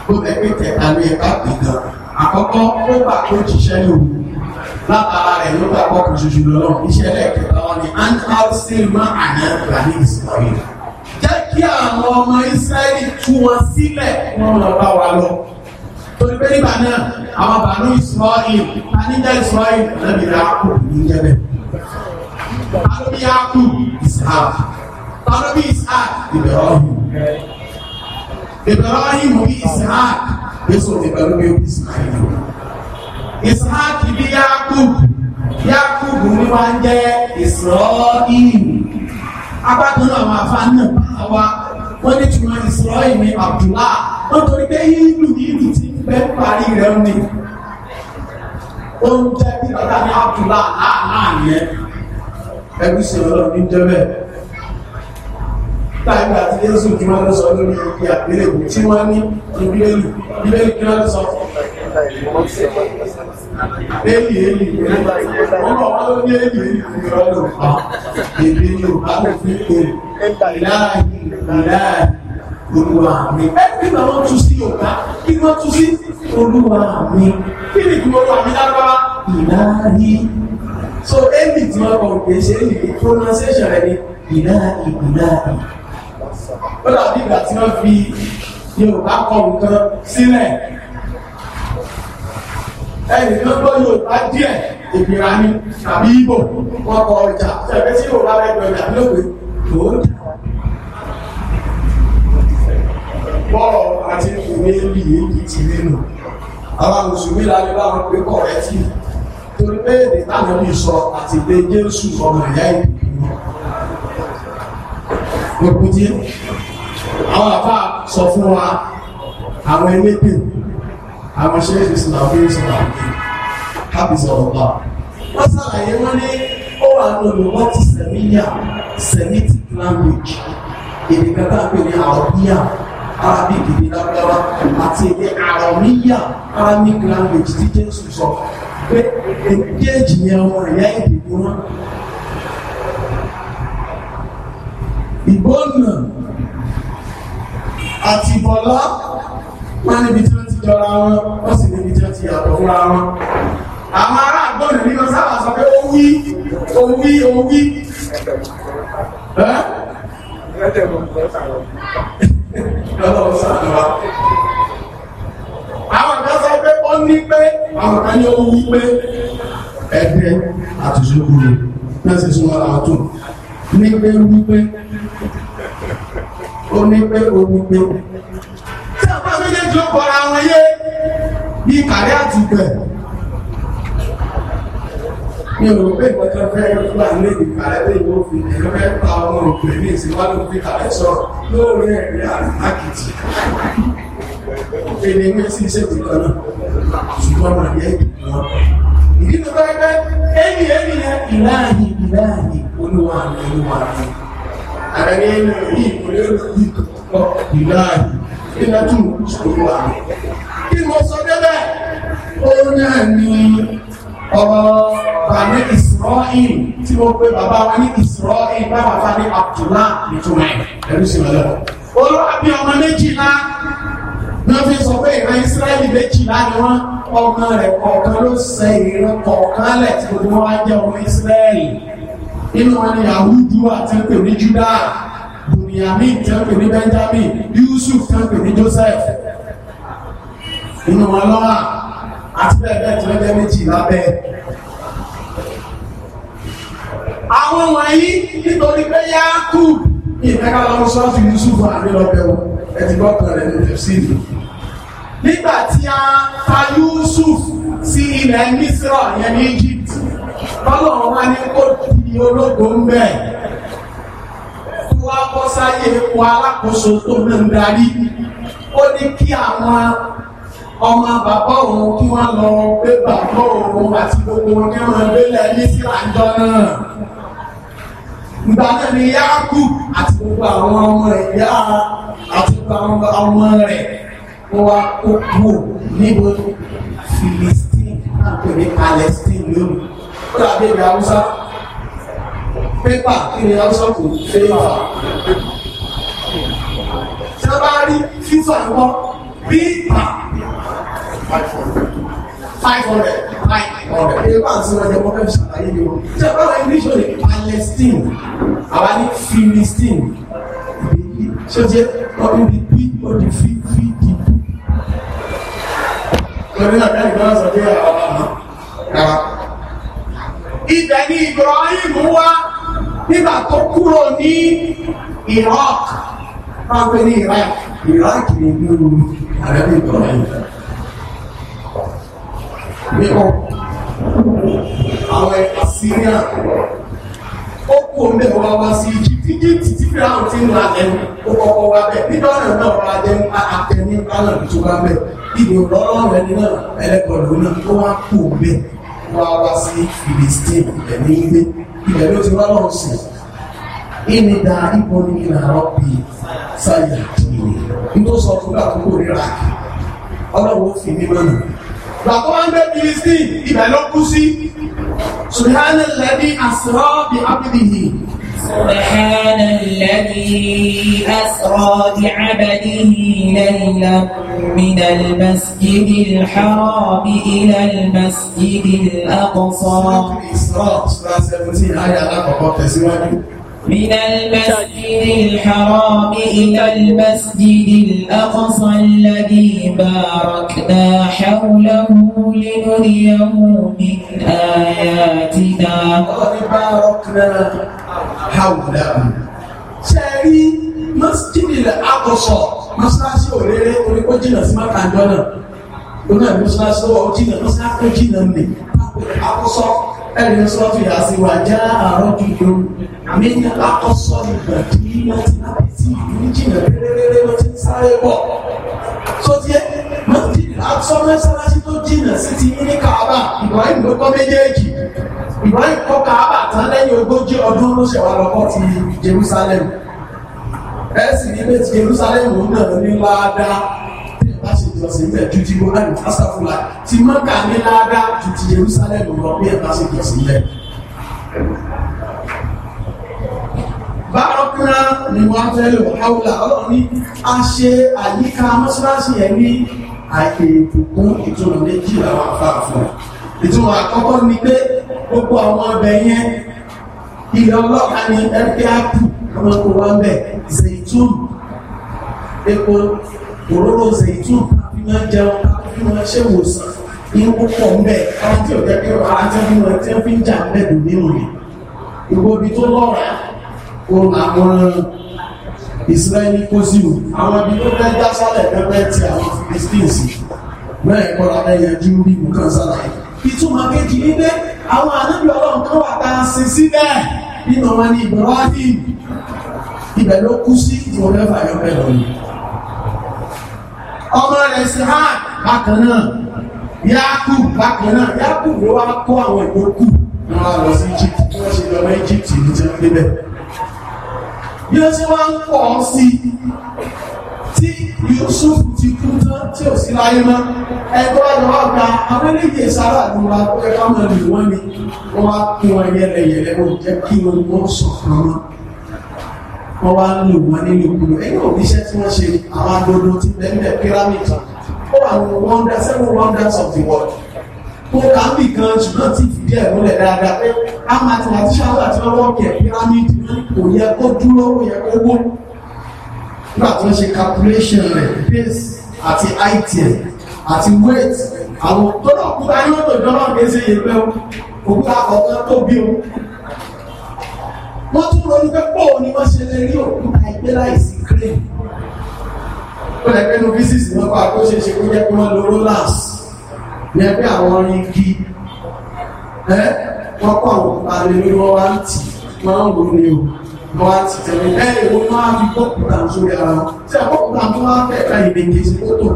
Speaker 1: ó bẹ pé tẹ̀ka ló yẹ látara rẹ̀ ló gbàgbọ́ kan ṣoṣo lọ́rọ̀ iṣẹ́ ẹlẹ́ẹ̀kẹta wọn ni an alsil máa àná bani israel jẹ́ kí àwọn ọmọ israẹli tú wọn sílẹ̀ wọn lọ bá wa lọ torí pé nígbà náà àwọn bàánú israẹli taníjà israẹli lẹ́bi yaakù ní jẹ́bẹ̀ alóbi yaakù isaac alóbi isaac ìbẹ̀rọ̀hìn ìbẹ̀rọ̀hìn mú isaac yéṣu ìbẹ̀rù bí ó bí isaac yìí ishaq bí yakub yakub ni wọ́n ń jẹ́ israel apákan náà àwọn afáàn náà wá wọ́n ní tí wọ́n israel ní abdullah wọ́n torí pé hindu hindu ti ń bẹ́ parí rẹ̀ ń ní ó ń bí bàtà ní abdullah láàárín yẹn ẹgbẹ́sì ọlọ́run ní jẹ́ bẹ́ẹ̀ láìpẹ́ àti jésù kí wọ́n lọ sọ lórí ibi àgbélébù tí wọ́n ní ìbílẹ̀lù ìbílẹ̀lù kí wọ́n lọ sọ fún Eli eli ọmọ wa ló ní eli eli ìrọ̀ ló fa èdè Yorùbá ló fi pè láàyè láàyè olúwa mi. Ẹ kí ni wọ́n tún sí Yorùbá kí ni wọ́n tún sí olúwa mi kí ni kí olúwa mi lágbára ìláyé. So eli tí wọ́n kọ̀ pé ṣe eli pronunciation rẹ̀ ni ìláyé ìláyé. Ó dàbí ìgbà tí wọ́n fi Yorùbá kọ̀ nǹkan sílẹ̀ ẹnì kan gbọ́ Yorùbá díẹ̀ ìgbìra ni tàbí Ìgbò wọn kọ ọjà ẹgbẹ́ tí Yorùbá rẹ̀ gbọ́ ìjà lóògbé lòó dà. bọ́ọ̀ àti ìwé ìlú yìí ti nínú àwọn mùsùlùmí lálẹ́ báwọn pé kọ̀rẹ́tì torí pé èdè táwọn bí sọ àti èdè Jésù ọmọ ìyá ìbùkún wọn. gbogbo díẹ̀ àwọn àfa sọ fún wa àwọn ẹlẹ́gbẹ̀ẹ́ àwọn ṣe é ṣe sùn àwọn èèyàn sọ̀rọ̀ àwọn èèyàn kábí sọ̀rọ̀ pa. wọ́n ṣàlàyé wọ́n ní ó wà ní olùwọ́ ti sẹ̀míyà semitic language èdè kan tá a pè ní àrọ̀bíyà arabic èdè lágbára àti èdè àrọ̀míyà arabic language tí jésù sọ pé èdèjì yẹn wọn ẹ̀yà èdè ni wọn. ìgbónà àti bọ̀lá wọn níbi tí wọ́n jọra wọn wọ́n sì níbi jẹ́ ti yàtọ̀ fúnra wọn àwọn ará àgbọ̀nà nígbà sábà sọ pé ó wí ó wí ó wí àwọn kan sọ pé ó ní pé àwọn kan ní ó wí pé ẹgbẹ́ àtúnṣekúrò lẹ́sìn súnmọ́ àtún ní pé wí pé ó ní pé ó wí pé méjèèjì ó kọ́ra wọn yé bí kàrí àtìgbẹ̀ mi ò rò pé ìgbọ́jọ́ fẹ́ fúlàní ìkàrẹ́ lè yóò fi ẹ̀rọ fẹ́ pa ọmọ òpè ní ìsìnwájú fi kàrẹ́ sọ̀rọ̀ lóòrè ẹ̀rí àrùnákìtì èdè ní sí iṣẹ́ ìtìkọ́ náà ṣùgbọ́n mà yẹ ìgbìmọ̀ ìdí tó bá gbẹ́ ẹni ẹni yẹn ìlànì ìlànì olúwa mi olúwa mi àrẹ ní ẹni yìí kò lérò yìí kọ́ ìlànì ìlẹ́tù ṣùgbọ́n kí mo sọ débẹ̀ ó náà ní ọ̀rọ̀ bàbá Israel tí mo pé bàbá wa ní Israel bàbá wa ní Abdullah nítorí ẹ̀rú sí wọn lọ́wọ́. olú àbí ọmọ méjìlá náà fi sọ pé ìran Israel méjìlá ni wọ́n ọmọ rẹ̀ kọ̀ọ̀kan ló sẹ ìran kọ̀ọ̀kan lẹ̀ tí gbogbo wọn wá jẹ́ ọmọ Israel nínú wọn ni Yahudu àti pèmí Judah. Bùnìyàmín tẹ́pẹ̀ ní Benjamin Yusuf tẹ́pẹ̀ ní Joseph inú wọn lọ́wọ́ àti bẹ́ẹ̀ bẹ́ẹ̀ tí wọ́n jẹ́ méjì lábẹ́ àwọn wọ̀nyí nítorí pé yáàkù ìfẹ́ká lọ́wọ́ sọ́ọ̀tù Yusuf àrílọ́bẹ̀wò ẹ̀tì gbọ́kàn rẹ̀ ní tẹ̀síìlì nígbà tí a ta Yusuf sí ilẹ̀ Misra yẹn ní Egypt bọ́lọ̀ wọn ní kó di ológo ń bẹ́ẹ̀ sáyé epo alákòóso tó ń darí ó ní kí àwọn ọmọ bàbá òun kí wọ́n lọ gbé bàbá òun àti gbogbo wọn kí wọ́n gbélé ní náà ìgbà ni yáàkù àti gbogbo àwọn ọmọ ìyá àti gbogbo àwọn ọmọ rẹ̀ wọ́n wá kó kúrò níbo Philistine àpèrè Palestine lónìí ó dàbí ìgbà Haúsá pépà kí ni ọ́sọ́ kò fẹ́fà tí a bá rí fífà ń bọ́
Speaker 3: pípà five hundred five hundred
Speaker 1: pépà ń sinmi ọjọ́ mọ́kànlá ṣàlàyé ni o tí bá wà english ní Palestine àwa ní Philistine ṣé jẹ́ ọdún bíi bí o di fi fi di bú. lórí àgbà ìgbọ́n sọ pé àwọn ọmọ rárá. ibẹ̀ ni Ibrahim wá nígbà tó kúrò ní Iraq máa pè ní Iraq Iraq ní ìlú àrẹ́bí ìtọ́lẹ̀ nígbà àwọn Assyria ó kú omi ẹ̀wọ́ wá sí Egypt Egypt ti fi àwọn tí ń ra ẹnu ó kọ́kọ́ wá bẹ́ẹ̀ nígbà náà náà ra ẹnu àtẹni alẹ́ tó wá bẹ́ẹ̀ ibi ọlọ́rọ̀ ẹni náà ẹlẹ́gbọ̀n lónà tó wá kú omi wá wá sí Philistine ẹ̀mí ilé ilẹ̀ ló ti wá lọ́wọ́ sí ìní da ibo ní ìlà rọ́bì sáyà kìíní ní tó sọ fún àkókò ríra ọlọ́wọ́ fi ní mọ́nà bàbá wọn bẹ bíi sí ibẹ̀ ló kú sí subhanalladhi asra bi سبحان
Speaker 2: الذي أسرى بعبده ليلا من المسجد الحرام إلى المسجد الأقصى من المسجد الحرام إلى المسجد الأقصى الذي باركنا حوله لنريه من
Speaker 1: آياتنا hàwùdà ṣe rí mọ́sídìlì àkọsọ̀ mọ́sálásí òréré orí kó jìnnà sí mákàndọ́ náà òun náà mọ́sálásí ó jìnnà mọ́sálásí ó jìnnà nì àkọsọ̀ ẹni sọ́fì àṣìwà já àárọ̀ dùdú àmì àkọsọ̀ ìgbà tí
Speaker 3: láti láti sí
Speaker 1: ìlú jìnnà rẹ́rẹ́rẹ́ ló ti ń sáré bọ̀ tó tiẹ̀ mọ́sídìlì àkọsọ̀ mọ́sálásí tó jìnnà sí ti ní káàbà ìwà ìlú Ibrahim kọ́ Káábà tán lẹ́yìn ogójì ọdún ló ṣẹ̀wá lọ́kọ́ ti Jerusalem ẹ sì ní bẹ́ẹ̀ ti Jerusalem náà ní ládàá tí ìbá ṣe jọ́sìn bẹ́ẹ̀ ju ti gbọ́dọ̀ ní fásafúlà ti mọ́kà ní ládàá ju ti Jerusalem lọ bí ìbá ṣe jọ́sìn bẹ́ẹ̀. bárọ́kúnrá ni wọ́n fẹ́ lò áwùlà ọlọ́run ní a ṣe àyíká mọ́ṣáláṣí yẹn ní àìkè ètò fún ìtura méjìlá wà fáfún ẹ̀ ìtumọ̀ àkọ́kọ́ ni pé gbogbo àwọn ọbẹ̀ yẹn ilẹ̀ ọlọ́ka ni ẹgbẹ́ àpù ọmọ tó wá bẹ̀ zaitun epo òróró zaitun fi máa jẹun fi máa ṣe wòsàn ní púpọ̀ ń bẹ̀ àti ọ̀jẹ́ pé ọ̀rá tí wọ́n máa tí wọ́n fi ń jà bẹ́ẹ̀ lò ní òní gbogbo ibi tó lọ́ra òun àwọn Israeli kóṣìwò àwọn ibi tó fẹ́ dá sálẹ̀ pẹ́pẹ́ ti àwọn Philistines náà ẹ̀kọ́ làbẹ́ yanjú bí nǹkan sálàyé ìtumọ̀ kejì ní pé àwọn ànábì ọlọ́run kan wà tá a sin síbẹ̀ nínú wọn ni Ibrahim ibẹ̀ ló kú sí ìwọ̀n mẹ́fà yọ mẹ́lọ ni ọmọ rẹ̀ sí ha bákan náà Yaku bákan náà Yaku ló wá kó àwọn ìgbókù wọn wá lọ sí Egypt wọ́n ṣe Yusuf ti kú tán tí ò sí láyé mọ́ ẹgbẹ́ wa lọ́wọ́ gba àwọn eléyìí sára ló wa ẹ̀ka mọ̀ ní wọ́n ni wọ́n wá kí wọn yẹlẹyẹlẹ wọn jẹ́ kí wọn wọ́n sọ fún wọn wọ́n wá lò wọ́n nínú ìkúlò ẹ̀yìn òbíṣẹ́ tí wọ́n ṣe àwọn adodo ti bẹ́ẹ̀ pírámìdì ó wà ní wọ́ndà seven wonders of the world kó kà ń bì gan ṣùgbọ́n tí ìfìdí ẹ̀ múlẹ̀ dáadáa pé a mathematician àti ọlọ́ọ̀kẹ́ pírámìdì kò yẹ kó dúró kò yẹ kó wó nígbà tó ń ṣe calculation rẹ̀ pace àti height àti weight àwọn tọ́lọ̀ òkúta yóò tó jọ́lọ́ kéṣe yìí pé òkúta ọ̀gá tó bí o. wọ́n tún ronú pé pọ́ọ̀ ni wọ́n ṣe lè rí òkúta ẹgbẹ́ láìsí crane. ó lè pẹ́nu físíìsì wọn pa àkóṣe ṣe kó jẹ́ pé wọ́n lo rollers ní ẹgbẹ́ àwọn orin igi wọ́n kọ́ àwọn òkúta lè lórí wọn wá ń tì wọ́n ń lò ní o lọ́wọ́ tẹ̀lé ẹ̀ ìwọ ni wọ́n á fi sórí ara wọn tí a kọ́kùnrà tó wá fẹ́ ká ìdèkè sí kótó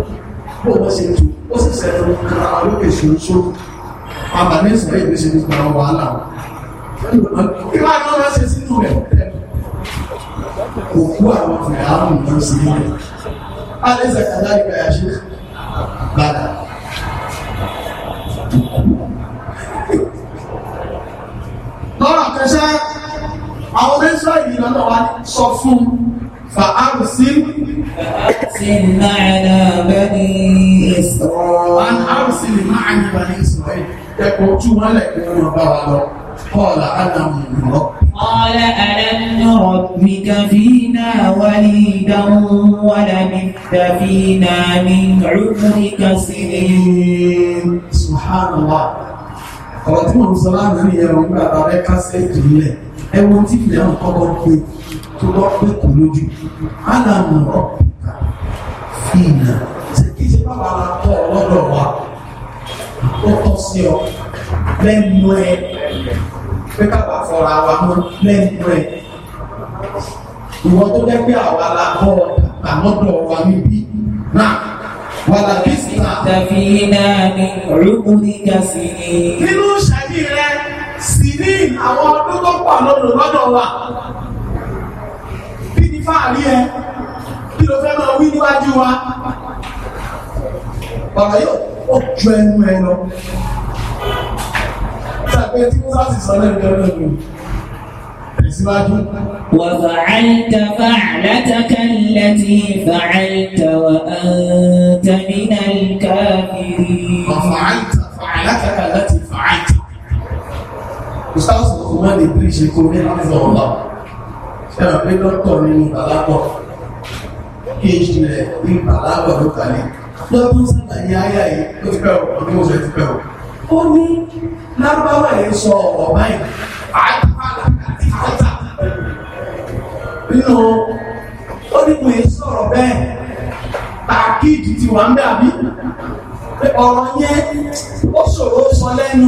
Speaker 1: bó wọ́n ṣe tù ó sì sẹ́nu kara lókè ṣoṣo àbá ní ìsìnkú ìgbé ṣe ní ìgbà wàhálà kí wàá ní wọ́n ṣe sínú rẹ̀ òkú àwọn fẹ̀rẹ̀ àrùn náà sí nílẹ̀ alẹ́ sàkàlà ìgbà yà ṣe gbàdà lọ́rọ̀ kẹsẹ́ àwọn mẹ́sàn yìí lọ́nà wa sọ
Speaker 2: fún fa arsil. sinna ala bani
Speaker 1: israel. an arsil ma'an bani israel. ẹ̀kọ́ tú wọn lẹ́kọ̀ọ́ wọn bá wa lọ. قال ألم
Speaker 2: قال ألم
Speaker 1: نربك
Speaker 2: فينا وليدا ولبثت فينا من
Speaker 1: عمرك سنين سبحان الله ọ̀rọ̀ tí mo ń sọ láàrin ẹ̀rọ ń gbà bàbá ká ṣe ìjìnlẹ̀ ẹ̀wọ̀n tí fìyà ń kọ́kọ́ pé tó bọ́ pé kò lójú aláàmù ọ̀pìnkà fìyà tí kì í ṣe bàbá la tọ́ ọ lọ́dọ̀ wa ó tọ́ sí ọ lẹ́nu ẹ pé kábà fọra wa mọ́ lẹ́nu ẹ ìwọ tó jẹ́ pé àwa la bọ́ àmọ́dọ̀ wa níbí náà wà
Speaker 2: lábí sí i. tàbí iná ni rúkú ní kásìlì.
Speaker 1: nínú ṣàbí rẹ sinin àwọn ọdún tó pọ̀ lọ́dọ̀ lọ́dọ̀ wa bí ní fáàrí ẹ kí ló fẹ́ máa wí níwájú wa bàbá yóò ó ju ẹnu ẹ lọ tàbí tí mo sá sì sọ lẹ́nu lẹ́nu lẹ́nu tẹ̀síwájú. وفعلت
Speaker 2: فعلتك التي فعلت وأنت من
Speaker 1: الكافرين. وفعلت فعلتك التي lè bí ṣe kó ní láti ọ̀la ẹ̀rọ pé dọ́tọ̀ nínú bàlágọ̀ phd rẹ̀ ní bàlágọ̀ ló kàlẹ̀ lọ́dún sàlàyé ayá yìí ó ti pẹ́ ọ̀pọ̀ ní ti pẹ́ ó ní lárúbáwá yẹn sọ ọ̀rọ̀ báyìí àìpàlà àti àìtà nínú ó ní kò yẹn sọ̀rọ̀ bẹ́ẹ̀ tàkìdì ti wà ń dàbí ọ̀rọ̀ yẹn ó ṣòro sọ lẹ́nu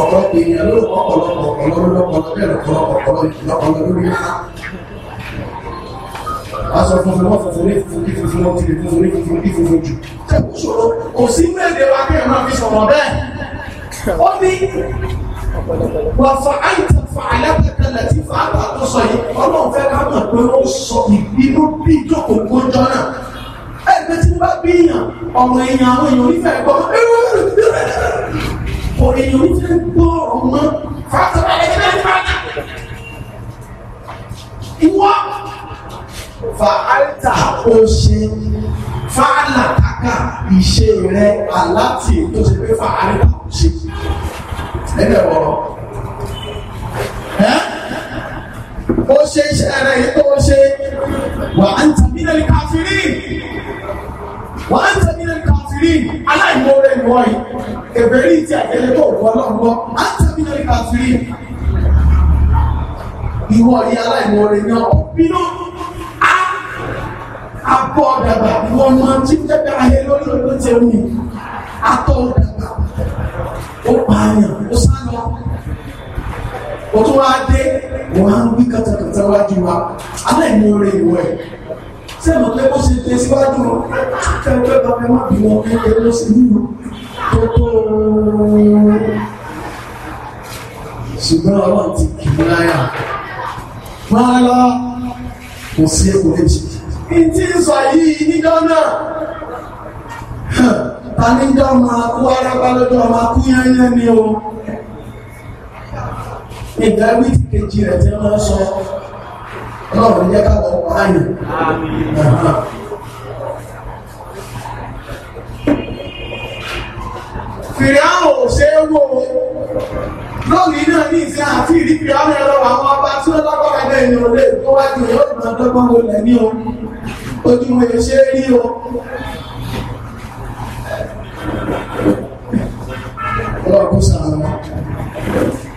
Speaker 3: ọ̀pọ̀lọpọ̀ èèyàn ló ọ̀pọ̀lọpọ̀ ọ̀pọ̀lọpọ̀
Speaker 1: ọ̀pọ̀lọpọ̀ ọ̀pọ̀lọpọ̀ lórí ha. aṣọ funfun wọn funfun ní funfun kí funfun wọn tìrì funfun ní funfun kí funfun jù. ẹ kò ṣòro kò sí mẹ́ẹ̀dẹ̀ wa kí ẹ máa fi sọ̀rọ̀ bẹ́ẹ̀. ó ní wà fà áìtà fà alábẹ́tẹ̀ lẹ́tí fà á bá tó sọ yìí ọlọ́run fẹ́ ká mọ̀ pé ó sọ ìbínú bí ìjókòó gbọ́njọ́ náà ẹgbẹ́ tí wọ́n bá bí kò lè yọ oúnjẹ gbọ́ ọ̀rọ̀ mọ́ fàtàbàlẹ̀ ní bẹ́ẹ̀ fàtà ìwọ fa alta ó ṣe fa alataka ìṣe rẹ aláti tó ṣe o fa alta ó ṣe ẹgbẹ́ wọ́rọ̀ ó ṣe iṣẹ́ rẹ̀ yìí tó ṣe wà á ń tàbí lẹ́nu káfírí wà á káfíìn aláìmoore ni wọ́n yìí kẹfẹ́rí tí àtẹ́lẹ́ tó wọ́ lọ́gbọ́ á tẹ́bí lórí káfíìn ìwọ yìí aláìmoore ni ọ̀ bínú á abọ́ dàgbà ìwọ ọmọ tí ń tẹ́bí ayé lórí ló ti mú atọ́ dàgbà ó pààyàn ó sá sẹ́nu pé ó ṣe tẹ síwájú kẹ́kẹ́ bá fẹ́ má bí wọn kẹ́kẹ́ ló ṣe nínú tó tó ṣùgbọ́n ọlọ́run ti kì í láyà rárá kò sí èkó méjì ìtí sọ yìí níjọ́ náà ta ní jọ máa kú arábá lọ́jọ́ máa kú yányán ni o ìdáwí ti kejì rẹ̀ ti máa sọ ọlọ́run jẹ́ ká wọ́n pààyàn. fìrìhàn ò ṣe é wò ó lónìí
Speaker 3: náà ní ìsìn àti ìdí fìrìhàn ẹ̀rọ àwọn
Speaker 1: ọba tí ó lágbára ẹgbẹ́ ìyẹn ò lè tó wájú ìyẹn ò gbọ́n dọ́gbọ́n wọlé ní o ojú wọn èṣe rí o. ọlọ́run sọ àwọn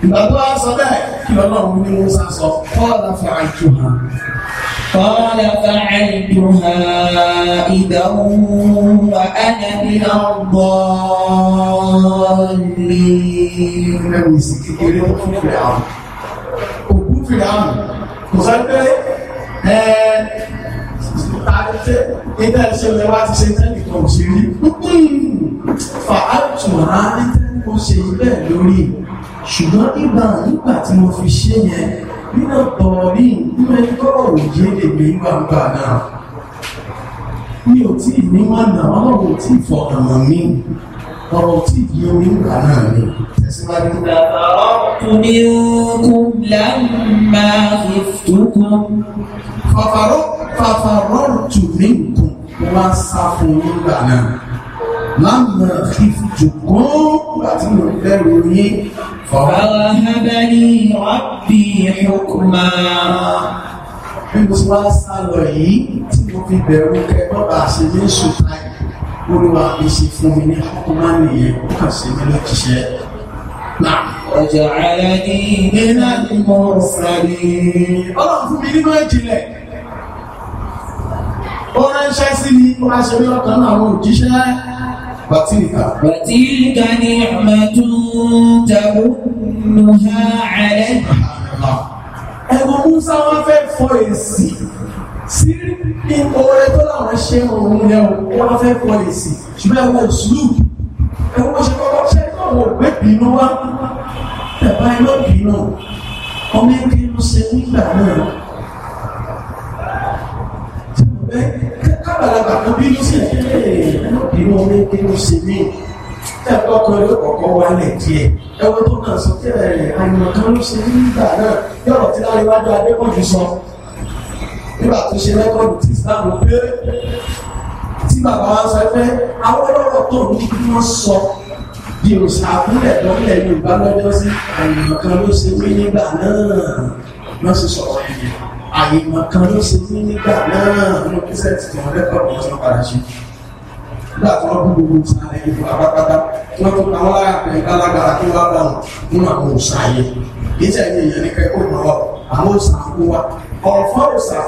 Speaker 1: ìgbà tó wá sọ bẹ́ẹ̀ kí ọlọ́run ní musa sọ kọ́ọ̀lá fẹ́ àjò hàn. قال فعلتها
Speaker 2: إذا وأنا من الضالين òkú
Speaker 1: fìdáhùn kò sọ pé ẹ àti ẹgbẹ́ ìṣẹ̀lẹ̀ wa ti ṣe tẹ́lẹ̀ kan ò sí rí fàájù rárá ó ṣe bẹ́ẹ̀ lórí ṣùgbọ́n nígbà nígbà tí mo fi ṣe yẹn nínú tọ̀ọ̀rí nínú ẹni tọ́rọ̀ òye náà mi ò tí ní wọn nà tí ì mi ọ̀rọ̀ tí ì yé orí ìgbà náà ni tẹ̀síwájú. Fàfàrọ́tù ní kún
Speaker 2: lámà ìfúkún. sá fún nígbà náà lámà ìfìjòkó láti lò bẹ̀rù yín. Fàwọ́hábẹ́ ní ọ̀bí ìhùkùnmá. Bí mo ti wá sá lọ yìí tí mo fi
Speaker 1: bẹ̀rù kẹ́ bọ́bà ṣe ní ṣùtá yìí, olúwa mi ṣe fún mi ní ọkùnmá nìyẹn, ó kàn ṣe mí lọ́kìṣẹ́. Ọjọ́rẹ́ni nínú àdìmọ̀ sáré. Ọlọ́run fún mi nínú ìjìnlẹ̀. Ó ránṣẹ́ sí mi, ó ránṣẹ́ bí ọkàn náà àwọn òjíṣẹ́. وتلك وتلك
Speaker 2: نعمة تمنها عليه
Speaker 1: ẹ̀wọ̀n musa wọn fẹ́ fọ èsì sí oore tó làwọn ṣe òun yẹn o wọn fẹ́ fọ èsì ṣùgbọ́n ẹ̀wọ̀n òṣùlù ẹ̀wọ̀n ṣe kọ́kọ́ ṣe kọ́ wọn ògbé bínú wá tẹ̀bá iná bínú ọmọ ẹgbẹ́ ló ṣe nígbà náà kábàlàgbà kan bínú sí bínú omi bínú sí mí ẹ̀kọ́ kan ló kọ̀ọ̀kan wálẹ̀ díẹ̀ ẹwọ́n
Speaker 3: tó náà sọ kí ẹ̀rẹ̀ àyìnbọn kan ló ṣe nígbà náà yọ̀rọ̀ tí láríwájú adépọ̀jù sọ nígbà tó ṣe rẹ́kọ̀dù tí islam
Speaker 1: pé tí bàbá wa sọ pé àwọn ọlọ́rọ̀ tó ní kí wọ́n sọ bí o ṣàbúlẹ̀ lọ́lẹ̀ Yorùbá lọ́jọ́ sí àyìnbọn kan ló ṣe wí nígbà náà lọ́sí sọ̀rọ̀ yìí àyèmọ̀ kan ló ṣe ní nígbà náà nínú kíṣẹ́ẹ̀tì tí wọ́n lẹ́kọ̀ọ́ ní ọjọ́ padà ṣe nígbà tí wọ́n bí gbogbo ìsàlẹ̀ ìlú àbápátá tí wọ́n tún àwọn aráàlú lálágbára kí wọ́n bá wọn nínú àwọn òòṣà yẹn kì í ṣe ẹ̀yìn èèyàn ní kẹ́kọ̀ọ́ ìmọ̀ wa àwọn òòṣà kó wa ọ̀rọ̀ fún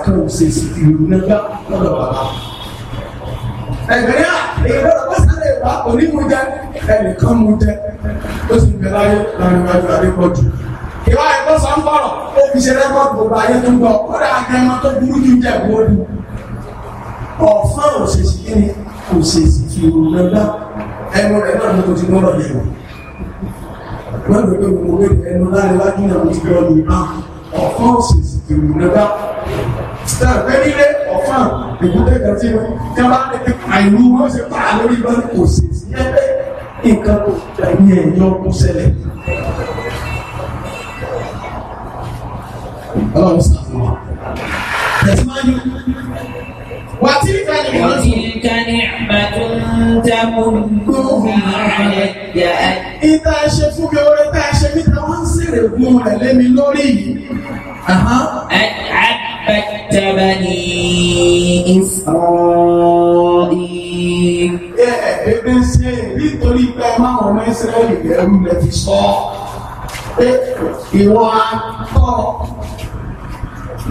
Speaker 1: kan ò ṣe sí ìlú nígbà lọ́dọ̀ bàbá. ẹ̀gbẹ́rẹ́ ìgbọ́dọ̀ ìwà ìgbọ́sọ̀ ń bọ̀rọ̀ ó fi ṣe rẹ́kọ̀dù gbogbo ayé tó ń gbọ́ kódà agẹmọ tó burú jù jẹ́ ìwọ́dù ọ̀fọ́n òṣèṣì kí ni òṣèṣì fi òun lọ́dá ẹnu rẹ̀ náà ni kò ti gbọ́dọ̀ lè wọ̀ wọ́n lè pé gbogbo wé ẹnu láre wájú náà mo ti gbọ́ ní ìbá ọ̀fọ́n òṣèṣì fi òun lọ́dá stan pé nílé ọ̀fọ́n èkúté ọlọ́run sàánú wa. tẹ̀síwájú.
Speaker 2: wà á ti rí káyọ̀ kan sùn. ìka ní àbájọ ń dákun lóhùn ààrẹ
Speaker 1: yà á. ìta ṣe fún mi oore tá a ṣe níta wọ́n ń sèrè gun rẹ̀ lémi lórí yìí.
Speaker 2: Àbẹ̀tẹ̀bẹ̀ni
Speaker 1: ìsọ̀rí. Ebe ṣe nítorí pé máa wọ̀ mọ́ Ísírẹ́lì lẹ́rú lẹ́ fi sọ. Ìwọ atọ́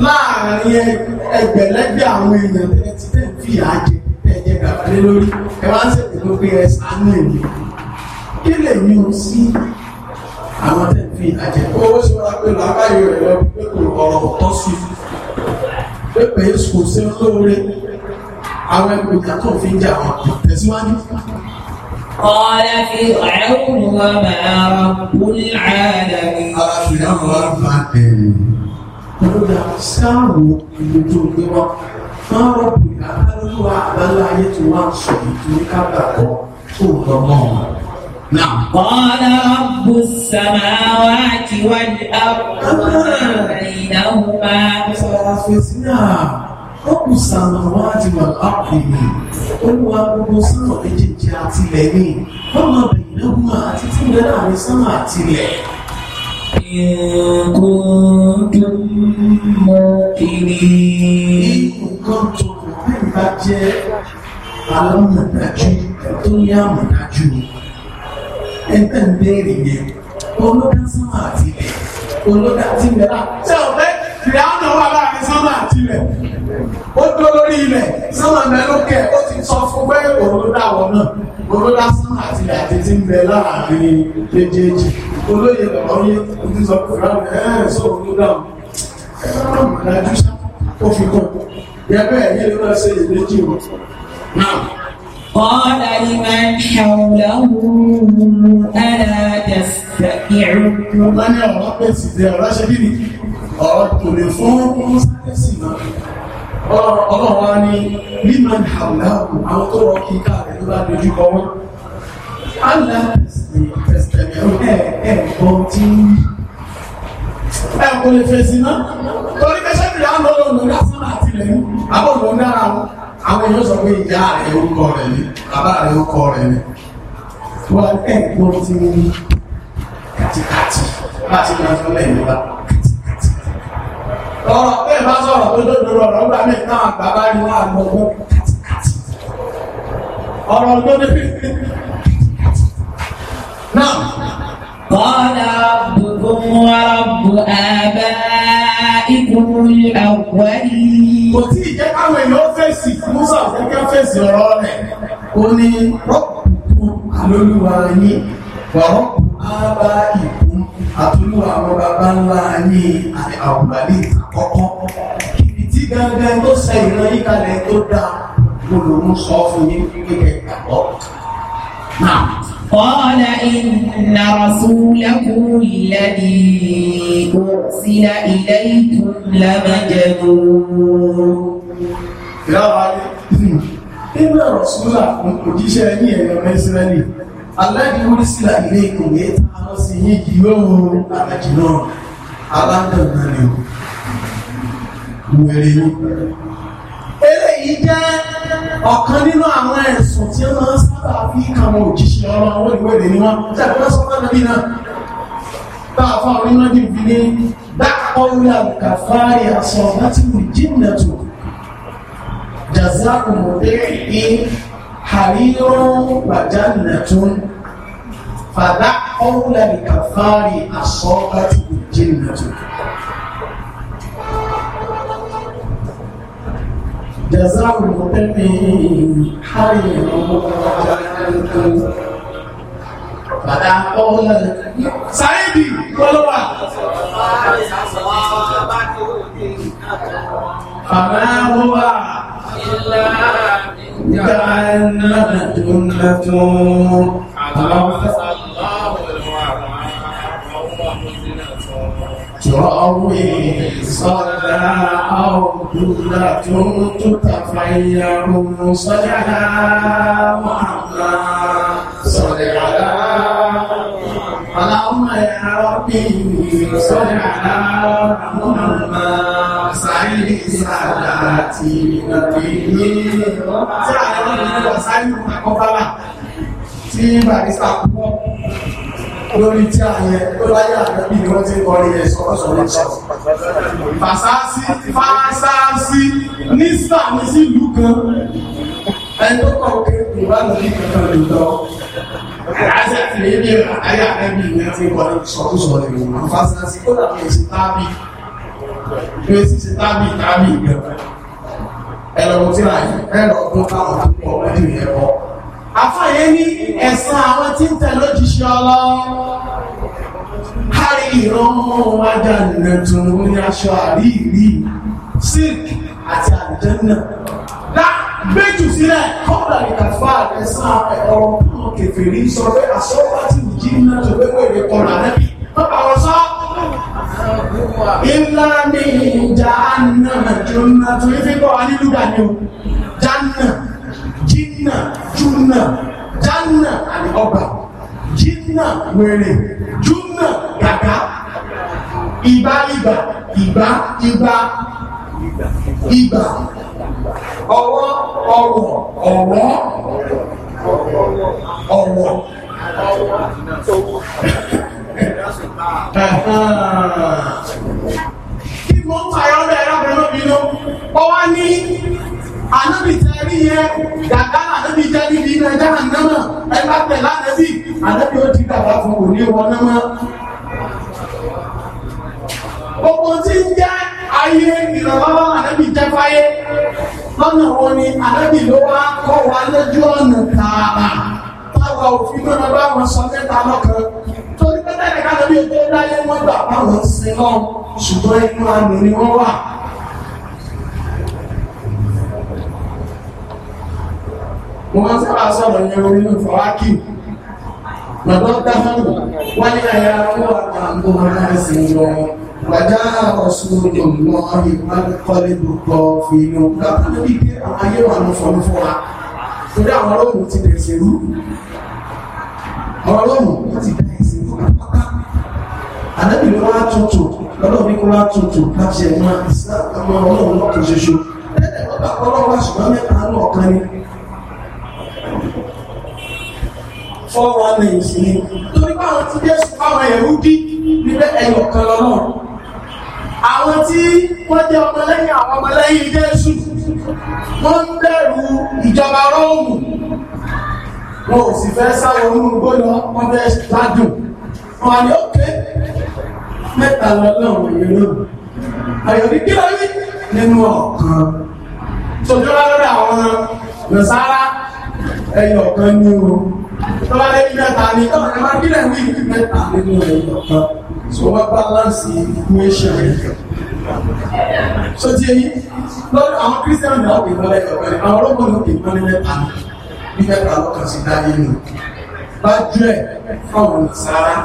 Speaker 1: láàrin ẹgbẹ̀lẹ́gbẹ̀ àwọn èèyàn tẹ́ ti tẹ́ fi àjẹ ẹ̀jẹ̀ gàfẹ́ lórí ẹ wá ń ṣètò ló pé ẹ sánú èmi kí lè mí o sí àwọn tẹ́ fi àjẹ owó ṣọ́ra pé làbáyé rẹ̀ lọ pé kò ọ̀rọ̀ ọ̀tọ̀ sí pé pé kò sí lóore àwọn ẹgbẹ̀jà tó fi ń jà wọn tẹ̀síwájú. قال
Speaker 2: فرعون وما رب العالمين
Speaker 1: lóya sáàwò ìlú tó gbé wá máa rọ̀pù àtàlùwà àbálá ayé tó wá sọ ìtòrí kábàkọ tó lọ́mọ́ wọn.
Speaker 2: قال رب السماوات والأرض بينهما Ọkù sàmàwádìí wà ápùlì, olúwa gbogbo sánà méjèèjì àtìlẹ̀ ní, ọmọ bẹ̀rẹ̀ lọ́gbọ́n àti tí ń bẹ láàrin sánà àtìlẹ̀. إن كنتم موقنين إن كنتم
Speaker 1: alámọ̀dájú tó yá àmọ̀dájú ẹgbẹ́ ń béèrè yẹn olódá sánmà àti ilẹ̀ olódá tí mẹ́ra ṣé ọ̀fẹ́ fìyàwó wà láàrin sánmà àti ilẹ̀ ó dúró lórí ilẹ̀ sánmà mẹ́lókè ó ti sọ fún pé òun ló dá àwọn náà òun ló dá sánmà àti ilẹ̀ àti ti ń bẹ láàrin méjèèjì olóyè bàbá oyè ó ti sọ pé ráàlú ẹ̀ sọ òun ló dáhùn ẹ̀rọ mọ̀lájú sá ó fi kàn yẹ bẹ́ẹ̀ yẹ ló lọ ṣe wọn náà.
Speaker 2: قال لمن حوله
Speaker 1: ألا تستطيعون أنا رب سيدنا راشدين أردت
Speaker 3: لفوق سيدنا
Speaker 1: ọlọ́run wa ni liman hawlahu àwọn tó rọ kíkà rẹ̀ tó bá dojú kọ wọn
Speaker 3: allah tẹsítẹ̀mẹ̀rún ẹ̀
Speaker 1: ẹ̀ gbọ́ tí ẹ̀ kò lè fèsì náà torí pé ṣẹ́bìrì àwọn olóòlù lásán àtìlẹ́yìn àbọ̀wọ̀ náà àwọn èèyàn sọ pé ìyá rẹ̀ orúkọ rẹ̀ ni bàbá rẹ̀ orúkọ rẹ̀ ni wọ́n ẹ̀gbọ́n ti ní kàtìkàtì láti máa fún lẹ́yìn wa kàtìkàtì ọ̀rọ̀ bẹ́ẹ̀ bá sọ̀rọ̀ tó dòdòrò ọ̀rọ̀ gbà mí náà àgbà bá ní wọn àgbọ̀gbọ́ kàtìkàtì ọ̀rọ̀ tó débi
Speaker 3: náà. قال
Speaker 2: ربكم ورب
Speaker 1: آبائكم ikùnrin àwọ̀ yìí. kò tí ì jẹ́ káwọn èèyàn fèsì musa fẹ́kẹ́ fèsì ọ̀rọ̀ rẹ̀ ó ní rọ́pù àlóluwa yín wàrọ́ ábá ìkún àtúlùwà àwọn baba ńlá yín àwùgbàlì àkọ́kọ́ kìbì tí gángan tó sẹ ìran yín kalẹ̀ tó dáa olùmúsọ fún yín kékeré àkọ́kọ́. قال
Speaker 2: إن رسولكم الذي أرسل إليكم
Speaker 1: لمجنون Ibi rọ̀súlà òjíṣẹ́ ní ẹ̀yọ̀ Mẹ́sìlẹ́lì, aláìdíwọ́rísílà ilé ìkòwé tààrọ sí yí yóò àjì náà, aládọ̀nà ni ò, wẹ̀rẹ̀ yóò. Eléyìí jẹ́ ọ̀kan nínú àwọn ẹ̀sùn tí ó máa ń sábà fi kàwọn òjíṣẹ́ ọmọ àwọn ìwé èdè ni wọ́n tẹ́lẹ̀ sọ fún ẹbí náà bá a fún àwọn iná dìbò ní dákọ̀ orí fàdá ọ̀rùlẹ̀ àkàfáàrí àṣọ láti wù jìnnà جزاء المتقين خير Bàbá ọwọ́ lẹ́nu. Sáyẹ́dì kọ́lọ́wà. Bàbá wọ́wà. Ìlà ìjà ẹ̀nà ìdúnnà tó. Àwọn ọ̀sán. تراوي صلى أرجلة تتخير
Speaker 2: صل على محمد صل على
Speaker 3: اللهم يا ربي صل على
Speaker 1: محمد سعيد سعادتي نبيه سعادتي وسعيد مقبلة تيم باريستا lórí tí a yẹ tó láyé àgbẹ̀bí ni wọ́n ti ń kọrin yẹn sọ́kọ̀sọ̀rọ̀ sọ. fàṣásí fàṣásí nísà ní sílùú kan ẹni tó kọ̀ òkè ìbánu ní kankan lè lọ. àyàṣẹ́ ti lè bí ayé àgbẹ̀bí ni wọ́n ti ń kọrin sọ́kọ̀sọ̀rọ̀ ìwọ̀n fàṣásí kó dàbí èsì tábì èsì tábì tábì ìgbẹ̀rẹ̀ ẹ̀rọ tí a yẹ ẹ̀rọ ọdún àfáàyè ní ẹ̀sán àwọn tí ń tẹ̀lé òjíṣẹ́ ọlọ́run hárí ìran wájà nìrẹ̀tún ní aṣọ àríìrí sílk àti àjẹ́nà dá gbéjù sílẹ̀ kọ́ńdà ìkàfà ẹ̀sán ọ̀rọ̀ náà kẹfìrí sọ pé àṣọ láti ìjì náà tó gbé wèrè kọ̀ọ̀rọ̀ àdẹ́bí bàbá wọn ìlànà ìjà ànàmà jọ̀ọ́nà tó ń fi kọ́ wa nílùú dàní júnà jánà àní ọba jínà wèrè júnà gàgá ìbá ìgbà ìgbà ìgbà ìgbà ọwọ́
Speaker 2: ọwọ́ ọwọ́ ọwọ́
Speaker 1: kí mo ń fa ẹ̀rọ ẹ̀rọ ẹ̀rọ mi lọ ọwọ́ ní anábìtì ẹ̀rí yẹn gàgá ànábì jẹ́ níbi iná ẹja ànámà ẹ bá tẹ̀ lánàbì ànábì ó ti dàgbà fún
Speaker 3: òní wọn náà
Speaker 1: gbogbo tí ń jẹ́ ayé ìrànlọ́wọ́ ànábì jẹ́ fáyé lọ́nà wọn ni ànábì ló wá kọ́ wa lójú ọ̀nà tààrà táwa òfin náà bá wọn sọ mẹ́ta lọ́kan torí pé tẹ́lẹ̀ ètò ìdáyé wọn gbà báwọn sí náà ṣùgbọ́n inú àmì ni wọ́n wà. mo máa sábà sọ̀rọ̀ yẹn orí ní fọwákì bàbá dáhùn wọ́n ní àyà owó àpamọ́ ẹ̀sìn wọn gbàjá ọ̀sùn ìmọ̀ ìpánikọ́lébùkọ́ fi inú bàbá níbi pé àwọn ayé wà ní fọ́nú fún wa torí àwọn ọlọ́run ti bẹ̀rẹ̀ sí rú àwọn ọlọ́run wọ́n ti bẹ̀rẹ̀ sí rú pátápátá ànábì ló wá tutù ọlọ́run ní kó wá tutù láti ẹ̀mọ́ ìsìláàmù ọlọ́run lọ́kàn ṣoṣo lẹ́yìn ọ̀pá ọlọ́run wá ṣùgbọ́n mẹ́ta náà kan ni fọ́wọ́ wọn lè sí ni torí báwọn ti Jésù báwọn ẹ̀rú dí níbẹ̀ ẹ̀yọ̀ kan lọ́nà àwọn tí wọ́n jẹ́ ọmọlẹ́yìn àwọn ọmọlẹ́yìn Jésù wọ́n ń bẹ̀rù
Speaker 3: ìjọba Róòmù
Speaker 1: wọn ò sì fẹ́ sáwọn olúgbó lọ wọ́n fẹ́ ládùn wọn á ní òkè mẹ́ta lọ́lọ́run èyí náà àyọ̀ ní kílódé nínú ọ̀kan tòjọ́ lọ́dọ̀ àwọn nàṣàrà ẹyọ kan ní o tọ́lá lé mẹ́ta ni tọ́lá lé máa bílẹ̀ wí mẹ́ta nínú ẹ̀yọ̀ kan so wọ́n bálánsì equation rẹ̀ so ti èyí lọ́dọ̀ àwọn christian náà pè mọ́lẹ̀ ọ̀pẹ àwọn ọlọ́gbọ̀n ló pè mọ́ ní mẹ́ta ni bí mẹ́ta lọ́kàn sí dáyé nù bá jú ẹ̀ fáwọn sára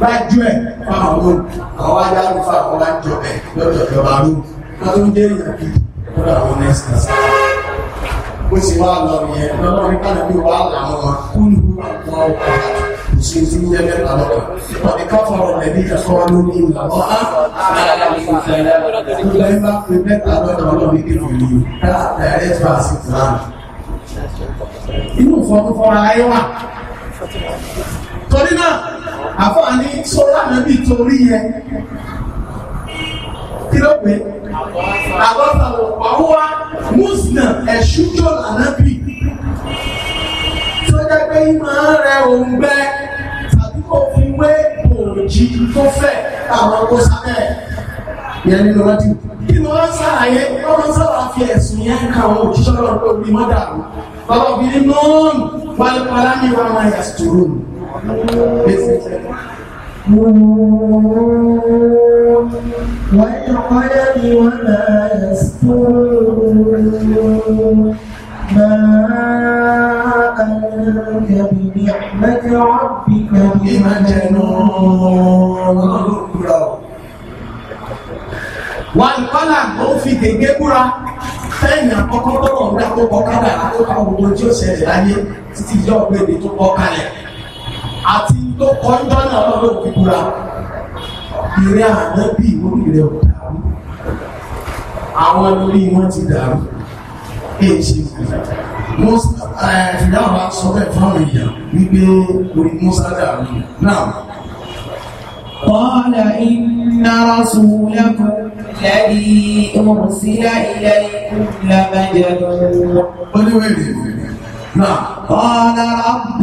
Speaker 1: bá jú ẹ̀ fáwọn ọmọ àwọn adáàlú fáwọn wá jọ ẹ̀ lọ́dọ̀ ìjọba rú wọ́n tó ń jẹ́ ìyàn bí lọ́dọ̀ àwọn nẹ́sìtì ó sì wá lọ yẹn lọ́dọ̀ nípa náà والله أحد مسلمين جميعا وقد كفر الذين قالوا إن الله أعلم إلا inú fọ́nú fọ́nra ayé wà torí náà àfáà ní sọ́lá nàbí torí yẹ kí ló pé
Speaker 3: àgọ́sàwọ̀
Speaker 1: pàwọ́wá muslim ẹ̀ṣújọ́ lànàbí pé ìmọ̀ rẹ̀ ò ń gbẹ tàbí kò fi wé òòjì tó fẹ̀ àwọn ọkọ̀ sábẹ́ yẹn nínú wájú. kí ló wá sàlàyé ọmọ sábà fi ẹ̀sùn yẹn ka àwọn òjíṣẹ́ ọlọ́run tó bí mọ́dà rú bàbá obìnrin nọ́ọ̀nù pálípàlá ní wàá máa yà sùúrù
Speaker 3: والقلم
Speaker 2: وما يسطرون ما أنت بنعمة ربك
Speaker 1: بمجنون wọ́n kọ́là ó fi gègé búra fẹ́yìn àkọ́kọ́ lọ́rọ̀ tó kọ tó ka gbogbo tí ó ṣẹlẹ̀ láyé títí yọ ọ̀gbẹ́dẹ tó kọ kalẹ̀ àti tó kọ ńdọ́ náà lọ́rọ̀ òfin ìrẹ́ àná bí ìwúrí rẹ̀ ò dàrú àwọn lórí wọn ti dàrú èyí ṣe fún mi fìdáwà sọ bẹ́ẹ̀ fáwọn èèyàn wípé orí musa dàrú náà.
Speaker 2: قال إن رسولكم الذي أرسل إليكم لمجنون قال رب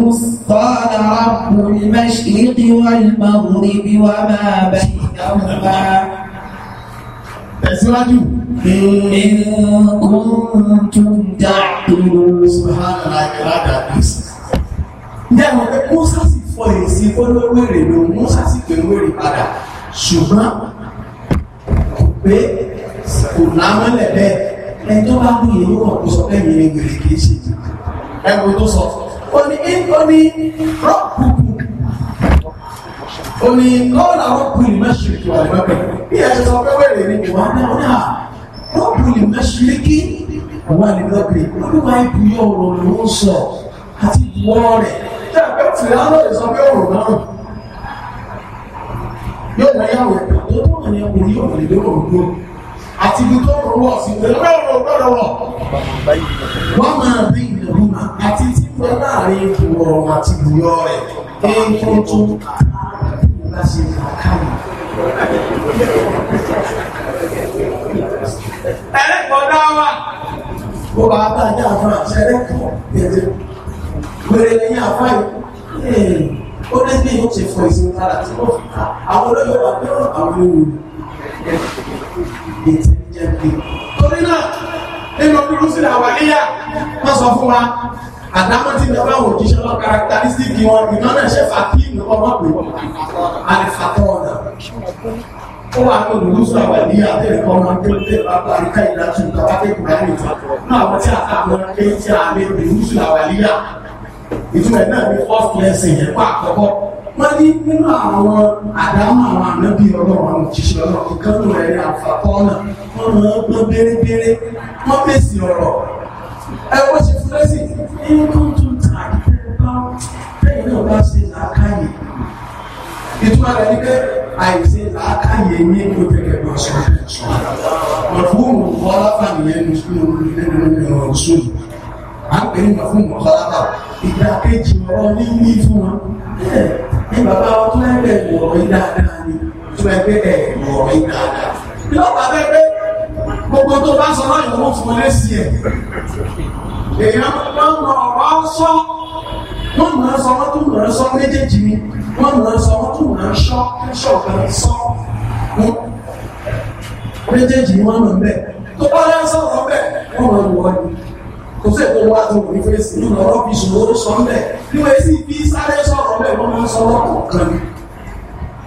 Speaker 2: قال رب المشرق والمغرب وما بينهما
Speaker 1: إن كنتم تعقلون سبحان الله يراد بس dẹ́wọ̀n pé Mùsá sì fọ èsì fọlọ́wérè ló Mùsá sì pé wérè padà ṣùgbọ́n kò pé kò lámọ́lẹ̀ bẹ́ẹ̀ ẹni tó bá ní ìlú wọn kò sọ lẹ́yìn ní wèrè kìí ṣe ẹ̀wù tó sọ ó ní ó ní rọ́pùpù ó ní kọ́ọ̀lá rọ́pù ìmọ̀ṣirikì wà lẹ́mọ̀pẹ̀ bí ẹ ṣe sọ pé wérè ni ìwà náà rọ́bù lè má ṣe kí wà ní lọ́bì olúwa ibùyọ ọ̀rọ̀ ló ń sọ àti ìwọ rẹ̀ dàgbẹ́ fìlà lọ́ọ̀dẹ̀ sọ pé ọ̀rọ̀ náà yóò wọ yàwó ẹ̀ka tó tó wà ní ẹ̀kọ́ yóò wọlé lọ́rọ̀ ògbó àti ibi tó rọ̀ wọ̀ sí ìwé lọ́rọ̀ lọ́rọ̀ wọ̀. wọ́n máa bí ìnáwó mà àti tí wọ́n láàrin ètò ọ̀rọ̀ àti ìbùyọ rẹ̀ ètò tó kà á láti kà ọ̀dá wa. Bó bá bá ní àfáà ṣẹlẹ̀ kọ̀ gẹ̀gẹ̀. Wèrè ní àfáà yìí. Hmm. Ó ní bí yóò ṣe fọ ìsinmi lára tí wọ́n fi ká. Àwọn olóyè wa bí wọ́n àwọn ewu. Ètí jẹ́ pé. Torí náà, nínú dúdú sí àwọn àníyá, wọ́n sọ fún wa. Àdámọ́ ti dàbá àwọn òjíṣẹ́ lọ karakitaristiki wọn, ìnáná ṣẹ̀fà kí ìnáwó ọmọ pè wọ́n. Àlìfàtọ́ ọ̀nà ó wà pé olùdókòwò àwọn ìdíyà bẹ́ẹ̀ kọ́ máa ń tó dé bàbá àríkà ìdájú bàbá kéèkù láyé ìtàn náà wọ́n ti àká àwọn ẹgbẹ́ tí a lè rè lùsù àwọn ìdíyà ìtumọ̀ náà ní ọ́ọ̀fù ẹsẹ̀ yẹn pa àkọ́kọ́ wọ́n ní nínú àwọn àdámọ̀ àwọn ànábì ọlọ́run àwọn òṣìṣẹ́ ọlọ́run kan tó rẹ̀ ní àǹfààkọ́ náà wọ́n máa ń gbọ́ bérebére wọ́n fèsì ọ̀rọ̀ ẹ wọ́n ṣe fúrẹ́sì ní kóńtù tàbí tẹ́lẹ̀ bá tẹ́lẹ̀ náà bá ṣe làákàyè ìtumọ̀ rẹ̀ ni pé àìsí làákàyè ní ìpòtẹ̀kẹ̀ lọ sọ sọ mọ̀fúnmù kọ́láfà nìyẹn nínú nínú ọ̀sùn à ń pè ní mọ̀fúnmù kọ́láfà ìgbà kejì ọ̀rọ̀ ní ní fún wọn ní bàbá wọn tó lẹ́gbẹ̀ẹ́ ìwọ̀rọ̀ yìí dáadáa ni tó ẹgbẹ́ ìwọ̀rọ̀ yìí dáadáa lọ́pàá bẹ́ẹ̀ pé gbogbo tó bá sọ láyọ̀ wọ́n fún ọ lẹ́sìn ẹ̀ èèyàn lọ́nà ọ̀rọ̀ sọ wọ́n mọ̀ ọ́ sọ wọ́n tún mọ̀ ọ́ sọ méjèèjì ni wọ́n mọ̀ ọ́ sọ wọ́n tún mọ̀ ọ́ sọ ṣọ̀kan sọ méjèèjì ni wọ́n mọ̀ bẹ́ẹ̀ tó bá lọ sọ̀rọ̀ bẹ́ẹ̀ wọ́n mọ̀ ọ́ wọ́n kò sí èkó wá tó wòlé fèsì nínú ọ̀rọ̀ fi ṣòro sọ bẹ́ẹ̀ níwèé sì fi sáré sọ̀rọ̀ bẹ́ẹ̀ wọ́n mọ̀ ọ́ sọ wọ́n kàn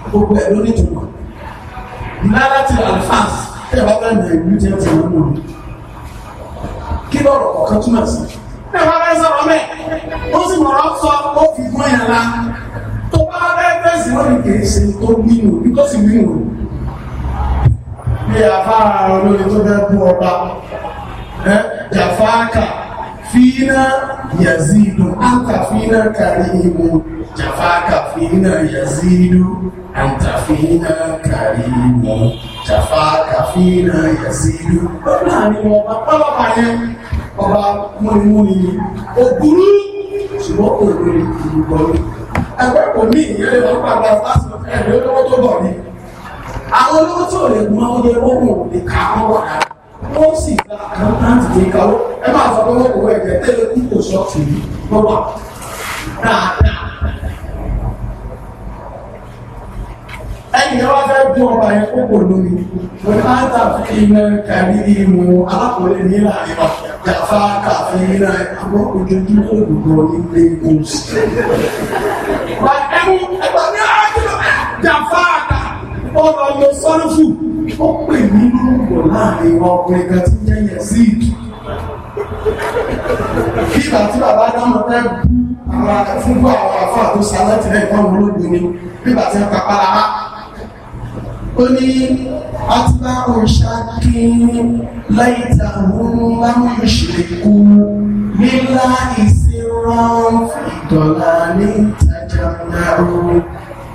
Speaker 1: gbogbo ẹ̀ ló ní ìtumọ̀ lára ti àlùfáàsì tẹ́lẹ̀ bá bẹ́ẹ̀ nà ìlú jẹ́ tẹ̀wọ́n náà kí lọ́rọ̀ kọ̀ọ̀kan túmọ̀ sí
Speaker 3: ẹ wá fẹ́ sọ̀rọ̀ mẹ́ ó sì mọ̀rọ̀ sọ
Speaker 1: ó fi mọ́ yẹn la tó bá fẹ́ fẹ́sì wọ́n ní kìí ṣe tó wíwò bí tó sì wíwò bí àfáà olórí tó fẹ́ bú ọba ẹ jàfáàkà fínà yazidu anta fínà kárí ìwò jàfáàkà fínà yazidu anta fínà kárí ìwò jàfáàkà fínà yazidu lọ́nà àníwọ̀n bàbá bàbá yẹn ọba múnimúni ni ó burú ṣùgbọ́n kò lè ìlú bọ̀lú ẹgbẹ́ kò ní ìyẹlẹ wọn pàdé fásitì ẹ̀rí olówó tó bọ̀ ni àwọn olówó tí ò lè mú àwọn ọdẹ wọn kò lè kà á wà á wọ́n sì gba àkáńtàǹtì kì í kawó ẹ máa sọ pé wọ́n kò wọ ẹ̀jẹ̀ tẹ́lẹ̀ kú kò sọ́ọ̀tì yìí wọ́n wà dáadáa. ẹni wá fẹ́ dún ọba yẹn kó kò lómi wọn á tà fi iná kàrí ìmú alákọ̀ọ́lẹ̀ ní láàrin wa kàfá kàfí iná àmọ́ ojoojúmọ́ òdòdó ní ilé ìgbòsí. wà ẹ̀mú ẹgbàá ní àjọ jàfá àkà ọ̀rọ̀ lọ sọ́lọ́fù ó pè mí lórúkọ láàrin ọkùnrin kan tí jẹ́ yẹn sí ìtù. bí ìgbà tí bàbá dáná fẹ́ bú àwọn fúnbọ àwọn àfọ àtúnṣe alátìlẹyìn fáwọn olóògbé ni bí ìgbà tí wọ́n kápá ó ní àtúbà òrìṣà kí lẹ́yìntà òun láwọn ìṣèkú nílá ìsinran ìdọ̀là ní ìtajà náà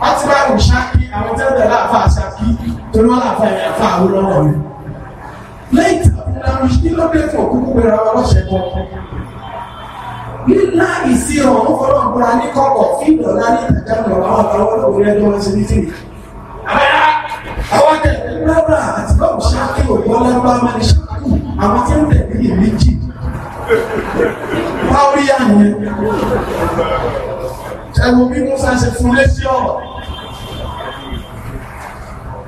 Speaker 1: àtúbà òrìṣà kí àwọn tẹ́lẹ̀ láàfà àṣà kí torí wọ́n láàfà ẹ̀yà àfà àwọn ọlọ́wọ́ rẹ̀ lẹ́yìntà òun láwọn ìṣèkú kúkú pẹ̀lú àwọn ọlọ́ṣẹ̀ kọ̀ọ̀kan nílá ìsirọ̀ ń fọlọ́ gbọ́ra ní kọ́kọ̀ fíìdọ̀ láti ìtajà náà àwọn àwọn ọlọ́wọ́ rẹ̀ lọ́wọ́ sí ní tìrì àwọn akẹ́kẹ́ rárá àti báwo ṣáàkì òkú ọlọ́gbà máa ní ṣáàkù àwọn tí ń tẹ̀lé yìí méjì báwí àyè ẹ̀wọ̀n bí Musa ṣe fún lé sí ọ̀rọ̀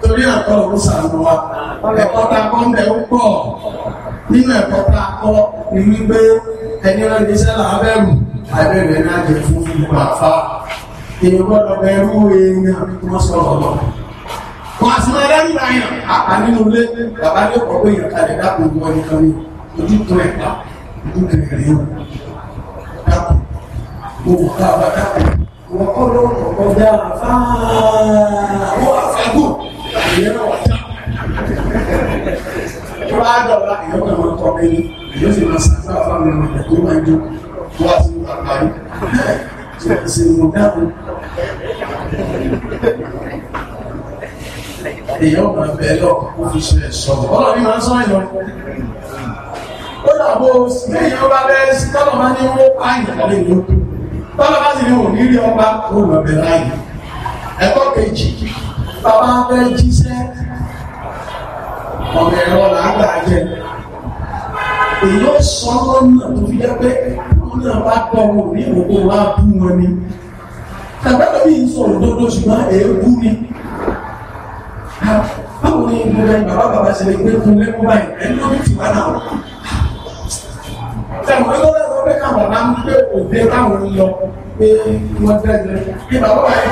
Speaker 1: torí ẹ̀kọ́ ló sàánú wa ẹ̀kọ́ tá a kọ́ ń bẹ̀ ń pọ̀ nínú ẹ̀kọ́ tá a kọ́ ni wípé ẹni rẹ̀ ní sẹ́là abẹ́rù abẹ́rù ẹ̀ náà jẹ fún ìgbà fa èèyàn gbọ́dọ̀ bẹ̀rù èèyàn wọ́n sọ̀rọ̀ lọ wọn àti máa dẹ́rù náà yàn àpá nínú ilé bàbá lè kọ́ pé yàn kalẹ̀ dákun ìwọ nìkan ni ojú tó ẹ̀ pa ojú kẹrẹ̀ rẹ̀ o dákun mo wò ká bá dákun wọn kọ́ ló ń kọ́ dá fáà wọ́n àfẹ́gùn ìyẹn náà wà já tó bá dọ̀la ìyẹn kan máa tọ́ mi ni ìyẹn sì máa sáfà fáwọn ọmọ rẹ̀ tó máa jó wá sí àgbáyé ṣe ìṣèlú dákun èèyàn máa bẹ lọ kó fi ṣe ẹ̀ṣọ́ ọlọ́run ní máa ń sọ èèyàn ó dàbò èèyàn bá bẹ́ẹ̀ sí tọ́lọ̀ máa ní owó pààyàn lè lò tọ́lọ̀ bá sì ní òní rí ọba ó mọ̀ bẹ̀ láàyè ẹ̀kọ́ kejì bàbá bẹ́ jíṣẹ́ ọ̀nà ẹ̀rọ làágbà jẹ èyí ó sọ lọ́nà tó fi jẹ́ pé wọ́n náà bá gbọ́ wọn ni báwo ni mo rẹ bàbá bàbá ṣe lè gbé kun lé mú báyìí ẹni ló ní tìwá náà. tẹ̀wọ̀n ló lọ́wọ́ pé káwọn máa ń gbé òde táwọn ń lọ pé wọ́n tẹ̀lé bí bàbá bàbá yẹn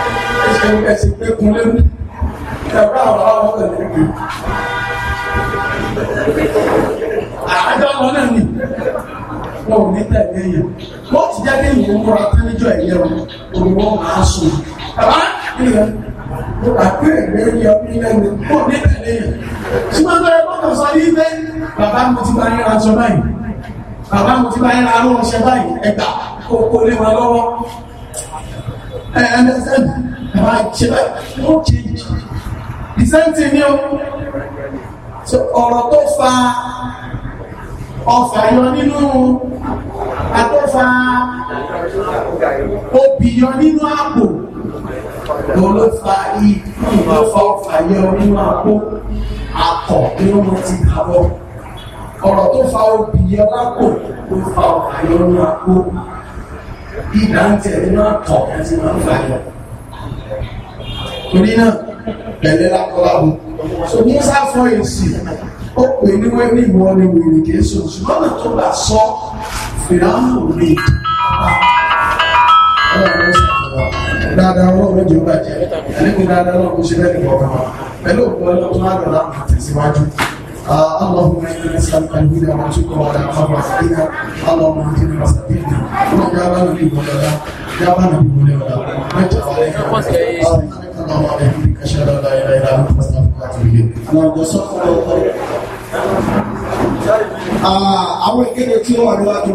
Speaker 1: ṣe ń bẹ̀ṣẹ̀ gbé kun lé mú ẹ̀rọ àwọn bàbá wọn tẹ̀lé gbé. àjọ wọn náà nì wọn ò ní tẹ̀lé yẹn wọ́n ti jáde ìwé múra tẹ́lẹ́jọ́ ẹ̀yẹ wọn òun wọn máa sùn. bàbá kí ni mo wà pé ẹ̀rẹ́ yọ ní lẹ́nu kó ní tẹ̀lé yẹn ṣùgbọ́n tó yẹ kókò sọ ní ilé bàbá mo ti bá yín ra aṣọ báyìí
Speaker 3: bàbá mo ti bá yín ra aró
Speaker 1: ọṣẹ báyìí ẹgbà kó kó lé wọn lọ́wọ́ ẹ ẹndẹsẹ́n bàbá ṣe báyìí ó ṣe ìṣẹ́ntì ni ó ọ̀rọ̀ tó fa ọfà yọ nínú àtọ́fà obì yọ nínú àpò òun ló fa ikú ló fa ọ̀fàyẹ onímọ̀ àpò akọ̀ ni wọ́n mọ̀ ti dàbọ̀ ọ̀rọ̀ tó fa obì yẹ lápò ló fa ọ̀fàyẹ onímọ̀ àpò ìdá ń tẹ̀ nínú àtọ̀ àti máa ń fàyọ. torí náà bẹ̀rẹ̀ lápọ̀láwọ̀ so ní sáfọ́ èsì ó pè ní wọ́n ní ìwọ ni wèrè kẹ́sù ṣùgbọ́n náà tó bá sọ fìlà ń lò ní ìdí dáadáa ọlọ́run méjì ó bàjẹ́ ẹ̀lẹ́kùn dáadáa ọlọ́run kó ṣe lẹ́nu kọ̀ọ̀kan wa pẹ̀lú òkú ọlọ́run tó láàrọ̀ láàmú àtẹ̀síwájú اللهم انا نسالك الهدى والشكر على خبر صديقك اللهم اهدنا وسددنا وجعلنا من هداك جعلنا من هداك وانت عليك اللهم عليك اشهد ان لا اله الا انت استغفرك واتوب اليك اللهم صل على محمد àwọn ìkéde tí wọ́n wà níwájú